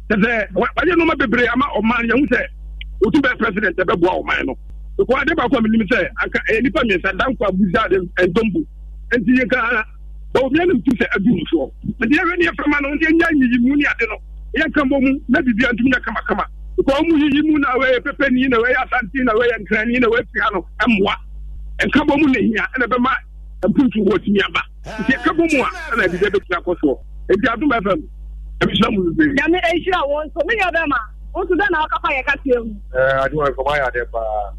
sɛ wayɛ nɔɔma bebree ama ɔman yɛn ho sɛ otu bɛ president ɛbɛboa ɔman no nkɔ ade baako a mi nim anka ɛyɛ nipa mmiɛnsa danko abuja nti nka bɔn obiara nim tu sɛ adum yiyi mu mu na biribi antum nya kamakama nkɔ ɔmu yiyi mu na wɔyɛ pepe ni na wɔyɛ asante na wɔyɛ nkrani na wɔyɛ fia no ɛmoa nka bɔ mu na hia ɛna bɛma mpuntu aba a Nyame ehyira wɔn nso meyɛ bɛ ma nso dɛ na ɔkafa yɛ kaseɛ mu. Ɛɛ adi wɔn nkɔmɔ ayɛ adi paa.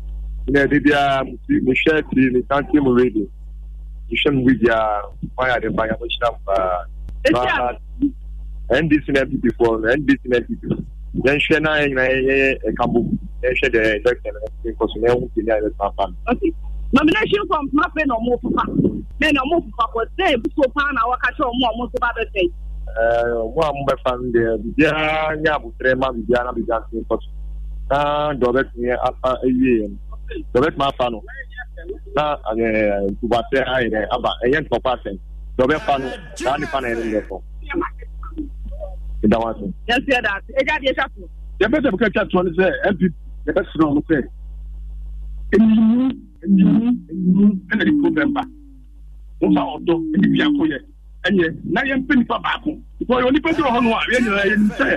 Nyɛ ɛdi bia mo hyɛ ti mi san ti mo radio. Mo hyɛ mo bibia mo ayɛ adi paa yɛn hyira mo paa. Ehyira. NDC na NPP fo NDC na NPP. Yɛn hyɛ na yɛn nyinaa yɛ yɛ ɛka bom. Yɛn hyɛ deɛ yɛn dɔkita na yɛn kɔ na yɛn ho ti ni ayɛ san fan. Nomination form kuma na ɔmo fufa. Bɛɛ na ɔmo fufa kɔ sɛ ebuso paa na wɔka kyerɛ ɔmo ɔmo nso ba bɛ fɛ yi mo a mo bɛfa no deɛ biribiara nyɛ abotrɛ ma biribiara na biribiara ntumi nkɔ so na deɛ ɔbɛtumi afa awie no deɛ ɔbɛtumi afa no na ntubasɛ ayɛ dɛ aba ɛyɛ ntɔkwa asɛm deɛ ɔbɛfa no saa nipa na yɛn bɛfɔ ɛda wa so. yɛbɛ dɛm kɛ kyɛ toɔ no sɛ npp yɛbɛ srɛ ɔno sɛ ɛnimu ɛnimu ɛnimu ɛna ne problem ba mo fa ɔdɔ ɛnimu akɔyɛ ɛnyɛ na yɛmpɛ nipa baako because yɛ onipa bi wɔ hɔ no a yɛn nyinaa yɛnim sɛ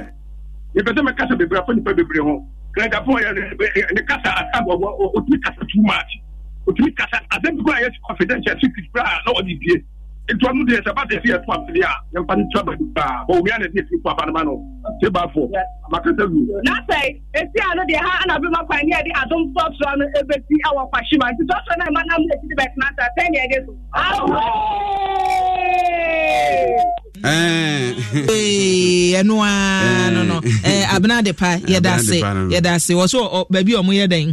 yɛpɛ sɛ mɛkasa bebree afɔ nipa bebree ho krankapo yɛ ne kasa asabɔ ɔtumi kasa too much ɔtumi kasa asɛm bi koraa yɛ confidential secret koraa na wɔde die nti ɔno deɛ sɛ bata yɛsi yɛto amfede a yɛmfa no tura baabi paa bɔ owia na ɛde yɛsi kɔ abanoma no sɛ baafo makasa wu na sɛ ɛsi ano deɛ ha ana bɛma kwan ne yɛde adom sɔsoro no ɛbɛsi awɔ kwahyema nti sɔsoro no ɛma nam ɛsi de bɛtena sa sɛ ne yɛde so ɛno a no no eh, abena de pa yɛda ase yɛda ase wɔ so baabi ɔmo yɛ dɛn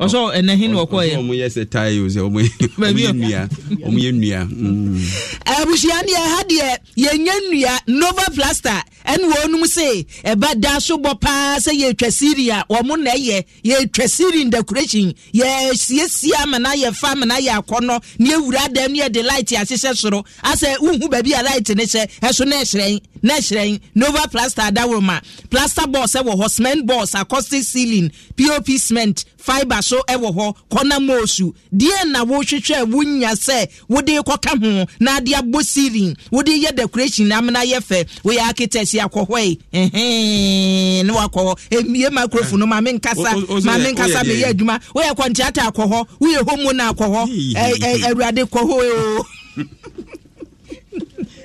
ɔsɔ ɛnɛ hin wɔ kɔ yɛ. ɔmu yɛ sɛ taa yi o sɛ ɔmu yɛ nua ɔmu yɛ nua. Mm. abusua ni ɛha deɛ yɛnyɛ nua nova plaster ɛni wɔn num se ɛba da so bɔ paa sɛ yɛtwa siri a wɔn na yɛ yɛtwa siri in decoration yɛsiesie amena yɛ fa amena yɛ akɔnɔ ni ewura dɛm ni yɛde light ahyehyɛ soro asɛ uhu baabi a light ne hyɛ ɛso na ɛhyerɛn na ɛhyerɛn nova plaster adawoma plaster boards ɛwɔ hɔ cement boards acoustic ceiling pop cement fibre so wɔ hɔ kɔnam osu deɛ na wohwehwɛ a wonya sɛ wode kɔka ho na ade abɔ sirin wɔde yɛ decoration na amena yɛ fɛ wɔyɛ architect akɔ hɔ yi ne wakɔ hɔ emie microphone no maame nkasa maame nkasa meyɛ adwuma woyɛ kɔntiata akɔ hɔ woyɛ homo na akɔ hɔ ɛwurade kɔ hɔ o.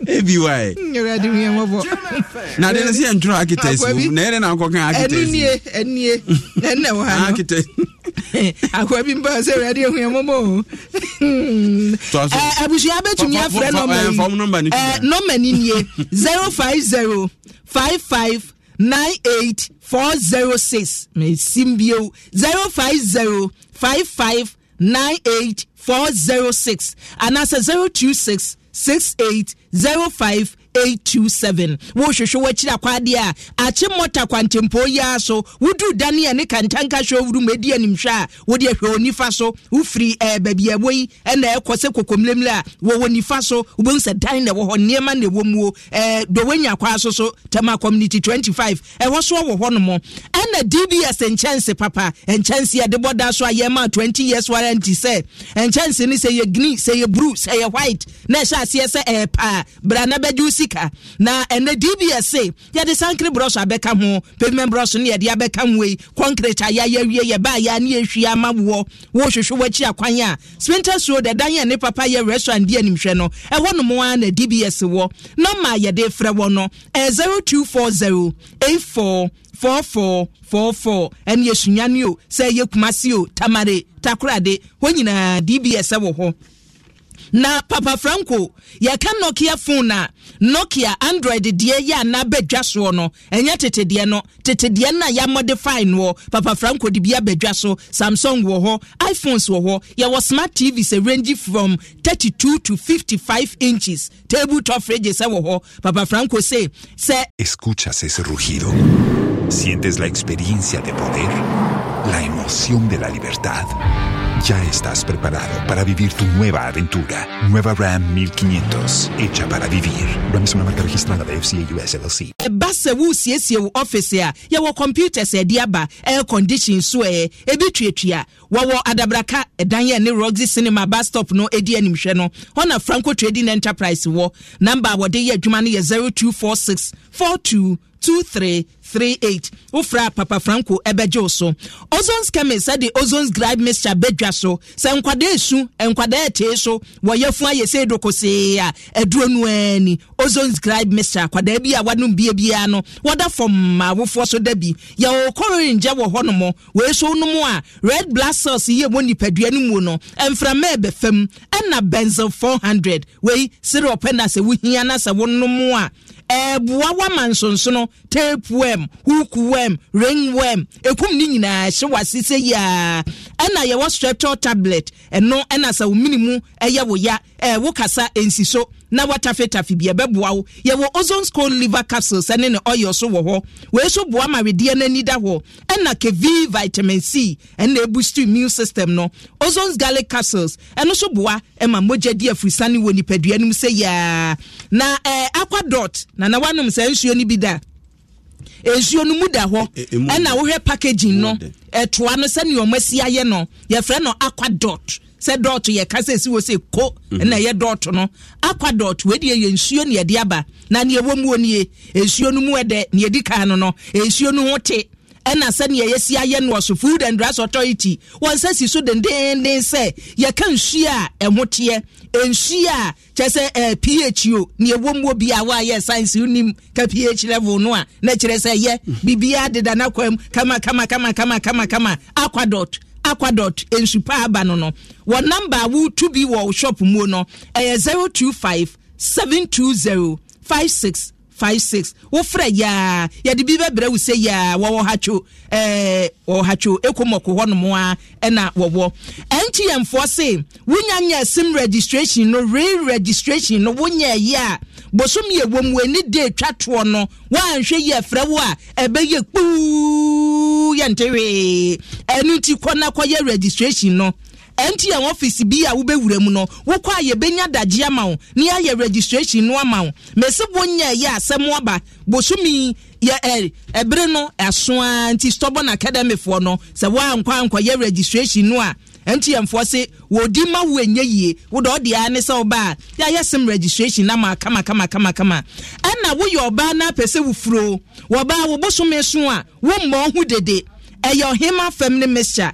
ebi wa ye. nyɛrɛ di wiye mɔbɔ. na de ne se yɛ ntoro architect wo na yɛrɛ n'an kɔ kan architect. ɛnu nie ɛnu nie ɛnu na wa hàn. architect. akɔ bi mbɔ sɛ yɛrɛ di wiye mɔbɔ o. tɔso ɛ abusua bɛ tun y'a filɛ nɔmba yi fɔmu nɔmba ni ɛ ni nin zero five zero five five nine eight four zero six mɛ simbio zero five zero five five nine eight four zero six and that's a zero two six. six eight zero five 827 wohwehwɛ w'akyiri akwadeɛ a akye mmɔta kwantempoo yi so woduru dane ne kantanka hwɛ wuru ma ɛdi animhwɛ a wode ahwɛ onifa so wofiri eh, baabi ɛwɔ yi ɛna ɛkɔ sɛ kokomlemle a so wobɛhu sɛ dan na ɛwɔ hɔ nneɛma na ɛwɔ muo eh, so so community 25 ɛhɔ eh, so wɔ hɔ nom dbs nkyɛnse papa nkyɛnse yɛde bɔ da so years warranty sɛ nkyɛnse no sɛ yɛ green sɛ yɛ blue sɛ yɛ white na ɛhyɛ aseɛ sɛ eh, ɛyɛ sika na ɛnɛ dbs se yɛde sankere brɔso abɛka ho pavement brɔso ne yɛde abɛka ho yi concrete a yɛayɛ awie yɛbaa yɛ ne yɛhwie ama woɔ wɔrehwehwɛ w'akyi akwan a sprinters road ɛdan a ne papa yɛ restaurant di animhwɛ no ɛhɔ nom ara na dbs wɔ nɔma a yɛde frɛ wɔ no ɛyɛ 0240 84 4444 ɛne yɛsunyane o sɛ yɛ kumase o tamare takorade hɔ nyinaa dbs wɔ hɔ na papa franco yɛka nokia phone nokia android Dia yɛ na bɛdwa soɔ no ɛnyɛ tetedeɛ no tetedeɛ na ya yɛamɔdefi noɔ papa franco de bi so samsung wɔ hɔ iphones wɔ ya yɛwɔ smart tv se range from 32 to 55 inches table top fridge sɛ wɔ papa franco se se escuchas ese rugido sientes la experiencia de poder la emoción de la libertad ya estás preparado para vivir tu nueva aventura. Nueva Ram 1500, hecha para vivir. Ram es una marca registrada de FCA US LLC. Basa wu siesie wo office ya yɛwɔ computers se diaba, air condition so ɛ, e, ebi tuatua. Wɔwɔ adabraka ɛdan yɛ ne Roxy Cinema bus stop no edi animhwɛ no. Hɔ Franco Trading Enterprise wo, number wo de yɛ no 0246 42 two three three eight wofra papa franco ɛbɛgye so ozones chemist sɛde ozones gribe mixture bɛdwa so sɛ nkwadaa esu nkwadaa ɛtee so wɔyɛ fun ayɛ sɛ edo kosee a ɛduro no ani ozones gribe mixture akwadaa bi a wanom bie biara no wɔda fam ma awofoɔ so da bi yɛwɔ kɔrin gya wɔ hɔnom wɔeso nom a red blood cells yie wɔ nipadua no mu no mframa ɛbɛfam ɛna benzyl four hundred wei syrup ɛna sɛ wohia na sɛ wonom a ɛɛboa wama nsonsono tapeworm hookworm ringworm ekum ni nyinaa ɛhyɛ wasese yaa ɛna yɛwɔ streptol tablet ɛno ɛna sɛ wo minimu ɛyɛ wo ya ɛɛ wo kasa nsi so na watafetafe bi ɛbɛboa wo yɛwɔ ozone scone liver capsules ɛne ne oil so wɔ hɔ wei so boa ma wedeɛ no ani da hɔ ɛna kevi vitamin c ɛna ɛboost immune system no ozone garlic capsules ɛno so boa ɛma mogya di afurisane wɔ nipadua no mu sɛ yaa na ɛɛ eh, aqua dot na na wanom sɛ nsuo no bi da nsuo no mu da hɔ e, e, e, ɛna wohwɛ packaging no ɛtoa no sɛnea ɔmo asi ayɛ no yɛfrɛ no aqua dot sɛ dɔɔto yɛ kasa esi wɔ sɛ ko ɛna mhm. ɛyɛ dɔɔto no akwa dɔɔto wɛdi yɛ nsuo na yɛde aba na nea ɛwɔ mu nie nsuo no mu ɛdɛ nea ɛdi kan no no nsuo no ho te ɛna sɛnea yɛsi ayɛ no ɔso food and drugs authority wɔn nsa si so dendenden sɛ yɛka nsuo a ɛho teɛ nsuo a kyɛ sɛ ɛɛ ph o nea ɛwɔ mu bi a wɔayɛ science nim ka ph level no a na kyerɛ sɛ yɛ mhm. biribiara deda n'akwa mu kama kama kama kama kama kama akwa dɔɔto aquadot nsupa aba no no wɔ namba a wotu bi wɔ shop mu no ɛyɛ 025 720 56 56 wofrɛ yaa yɛde bi bɛbrɛ wo sɛ yaa wɔwɔ hatwo ɛɛ wɔwɔ hatwo ekomɔko hɔnom a ɛna wɔwɔ ntmfoɔ se wonya sim registration no re registration no wonya ya. bosom yɛ wɔm w'ani de atwa toɔ no woanhwɛ yɛ frɛ wo a ɛbɛyɛ kpuu yɛ ntewee ɛno kɔ na kɔyɛ registration no mtn office bi a wobɛwura mu no wokɔ a yɛbɛnya adagye ama wo ne ayɛ registration no ama wo mɛsɛ wonya ɛyɛ asɛm aba bosomi yɛ ɛ ɛbere no ɛsoa nti stɔbɔn academy foɔ no sɛ woankɔ ankɔyɛ registration no a ntmfoɔ se wɔdi ma wo ɛnyɛ yie wodɔ ɔde a ne sɛ ɔba a yɛayɛ sɛm registration na ma kama ɛna woyɛ ɔbaa no apɛ sɛ wofuro wɔbaa wo bosome so a wommɔ ho dede ɛyɛ ɔhema fam ne mesya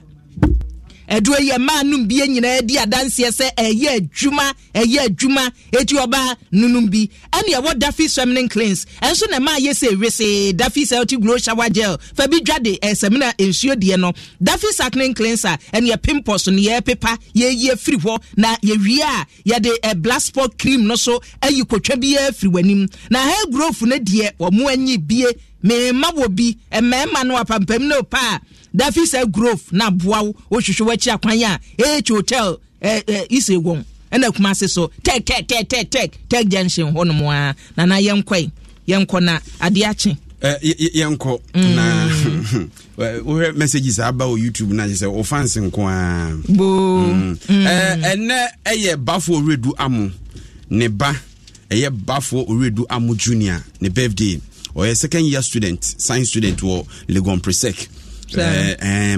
ɛdoɔ yɛ mmaa nom bi nyinaa di adanseɛ sɛ ɛyɛ adwuma ɛyɛ adwuma eti ɔbaa nunum bi ɛne ɛwɔ dafi feminine cleanse ɛnso na mmaa yɛ sɛ ewese dafi celtic glow shower gel fabi dwa de ɛsɛmina eh, nsuo deɛ no dafi sacnine cleanser ɛne ɛpimpɔs no yɛ e pepa yɛyi efiri hɔ na yɛwie a yɛde ɛbla eh, spot cream no so ɛyi kotwa bi ɛfiri wɔn na hair growth no deɛ wɔn anyi bie mmarima wɔ bi eh, mmarima no apampam no paa. dafi sɛ grove na aboa wo wohwehwɛ w'akyi akwan a h hotel ise wɔm ɛna kuma ase so tech tech tech tech tech tech junction hɔ nom a nana yɛnkɔ yɛnkɔ na adeɛ akye yɛnkɔ na wohwɛ eh, mm. messages aba wɔ youtube na agye o wɔfanse nko a mm. ɛnɛ eh, mm. ɛyɛ bafoɔ ɔweredu amo ne ba ɛyɛ bafoɔ ɔweredu Amu junior ne birthday ɔyɛ second year student science student wɔ legon presec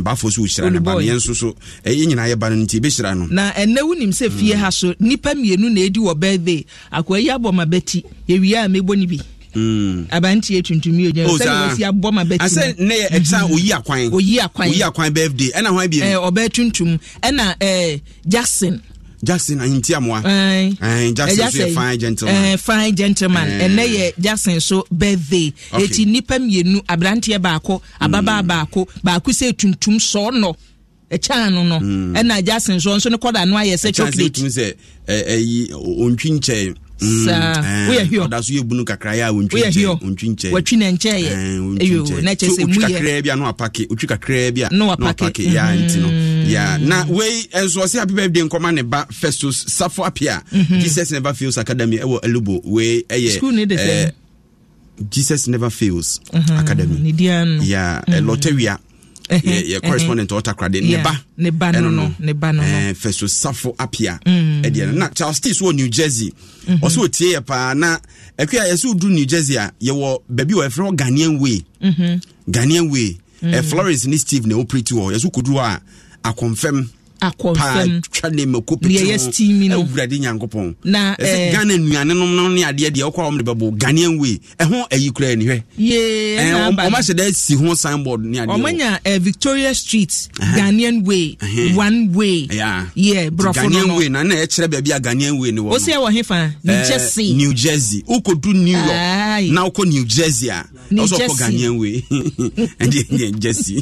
baafo so wɔhyira no bameɛ nso so ɛyɛ nyinaa yɛba no nti yɛbɛhyira no na ɛnɛ wonim sɛ fie ha so nnipa mmienu na ɛdi wɔ birthday akoa yi abɔ ma bɛti yɛwie a mɛbɔ no bi mm. abanti yɛ tuntum yɛ gyina oh, sɛ wɔsi abɔ ma bɛti asɛ ne yɛ ɛkyɛn oyi akwan oyi akwan oyi akwan birthday ɛna hwan bi ɔbɛ tuntum ɛna ɛɛ jackson jackson ahinti amoa jackson so yɛ fine gentleman fine gentleman ɛnɛ yɛ jackson so birthday eti nipa mmienu aberanteɛ baako ababaa mm. baako baako sɛ tuntum sɔɔ nɔ ɛkyan no no mm. ɛna jackson so nso ne kɔda no ayɛ sɛ chocolate ɛkyan sɛ ɛyi ontwi nkyɛn saawoyɛhɔda mm, eh, so yɛbunu kakrayɛ a wɔntwinkyɛwɔtwi ne nkyɛɛɛyo eh, na kyɛ sɛ muyɛ kakraa bi a na wapake wotwi kakraa bi a na wapake yɛa mm-hmm. nti no ya na wei nso ɔsɛ happy birthday nkɔma ne ba festus safo apia mm-hmm. jesus never fails academy ɛwɔ alubo wei ɛyɛ eh, jesus never fails mm-hmm yɛ mm-hmm. correspondent ɔtakrade ne ba ɛno no eh, feso safo apia ɛdeɛ mm. no na charles t so wɔ new jersey ɔsɛ ɔtie yɛ paa na ɛkwe a yɛsɛ wodu new jersey a ah, yɛwɔ baabi wɔ ɛfrɛ hɔ ghanaian way mm-hmm. ghanaian way eh, mm. florence ne steve na ɛwɔ pretty hɔ yɛso kɔduru hɔ a akɔmfam akɔnfɛmtwa ne mako pɛwurade nyankopɔn ɛsɛ eh, ghana nnuane nom no ne adeɛ deɛ wokɔ ɔmde bɛbo ghanean wei ɛho ayi kora ani hwɛ eh, ɔma hyɛ da si ho signboard ne adeɛ ɔmanya uh, victoria street uh ghanean way one way yeah. yeah, brɔfo no way na na ɛkyerɛ baabi a ghanean way ne wɔ wosɛ wɔ hefa new jersey new jersey wokɔdu new york Ay. na wokɔ new jersey a ɔsɔ kɔ ghanean way ɛdeɛ jersey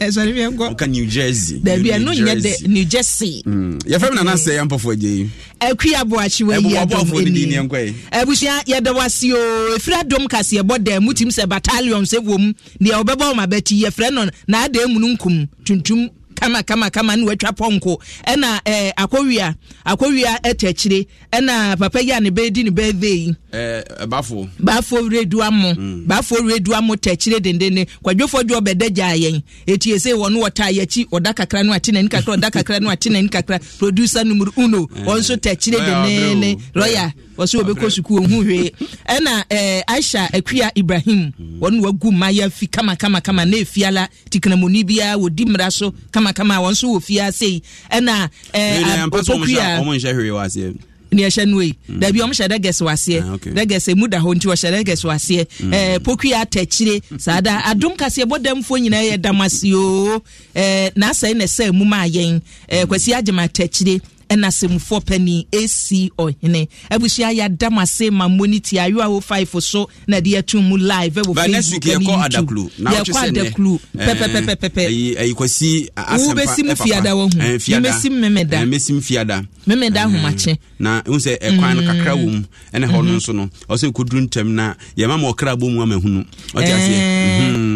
ɛsɔre bi ɛkɔ woka new jersey baabi ɛno nyɛ dɛ jersey new jersey. Mm. yɛfɛ mi nana sɛ yan pɔfɔ jɛ yi. ɛkú aboakyi wɔ yi ɛdɔm eni ɛbusua yɛdɔwasi o efiri adom kase ɛbɔ dɛm mutim sɛ battalion sɛ wɔm deɛ ɔbɛbɔ ɔmo abɛti yɛfrɛ no n'adeɛ mu nkum tuntum kama kama kama ne watwa pɔnko ɛna ɛɛ eh, akowia akɔwia ɛtɛ akyire ɛna papa yi a ne bɛɛ di ne bɛɛ ve yi. Eh, ɛɛ baafo. baafo redua mo mm. baafo redua mo tɛ akyire dendenne kwadwofo dwa ɔbɛdɛ gya yɛn eti ese wɔn no wɔta yɛkyi ɔda kakra no ati n'ani kakra ɔda kakra no ati n'ani kakra producer numuru uno wɔn eh. nso tɛ akyire dendenne lɔya wɔsɛ wɔbɛkɔ sukuu ohu hwee ɛna eh, aisha akua ibrahim mm. wɔne wagu mmaya fi kamakamakama na ɛfiala tikinamoni biara wɔdi mmara so kamakama wɔn nso wɔ fia sei ɛna ɔpɔkua eh, ni ɛhyɛ no yi dabi mm. ɔmo hyɛ dɛgɛs waseɛ dɛgɛs ah, emu da hɔ nti ɔhyɛ dɛgɛs waseɛ ɛɛ mm. eh, pokua atɛkyire saa da adum kaseɛ bɔ nyinaa yɛ damasi oo ɛɛ n'asɛn na ɛsɛ emu maa yɛn ɛɛ kwasi agyema atɛkyire ɛna asɛmufoɔ pani ɛsi ɔhene abusua yɛada m ase ma mmɔni ti ayo wo five so na ɛde yɛto mu live ɛwɔ facebook ne youtube yɛkɔ adakulu pɛpɛpɛpɛpɛ wobɛsi mu fiada wɔ ho memɛsi m memeda mɛsim fiada memeda ahomakye na ɛhu sɛ ɛkwan no mm. kakra wɔ mu ɛne hɔ no mhm. nso no ɔsɛ kɔduru ntɛm na yɛma ma ɔkra bɔ mu ama hunu ɔte aseɛ eh. mhm.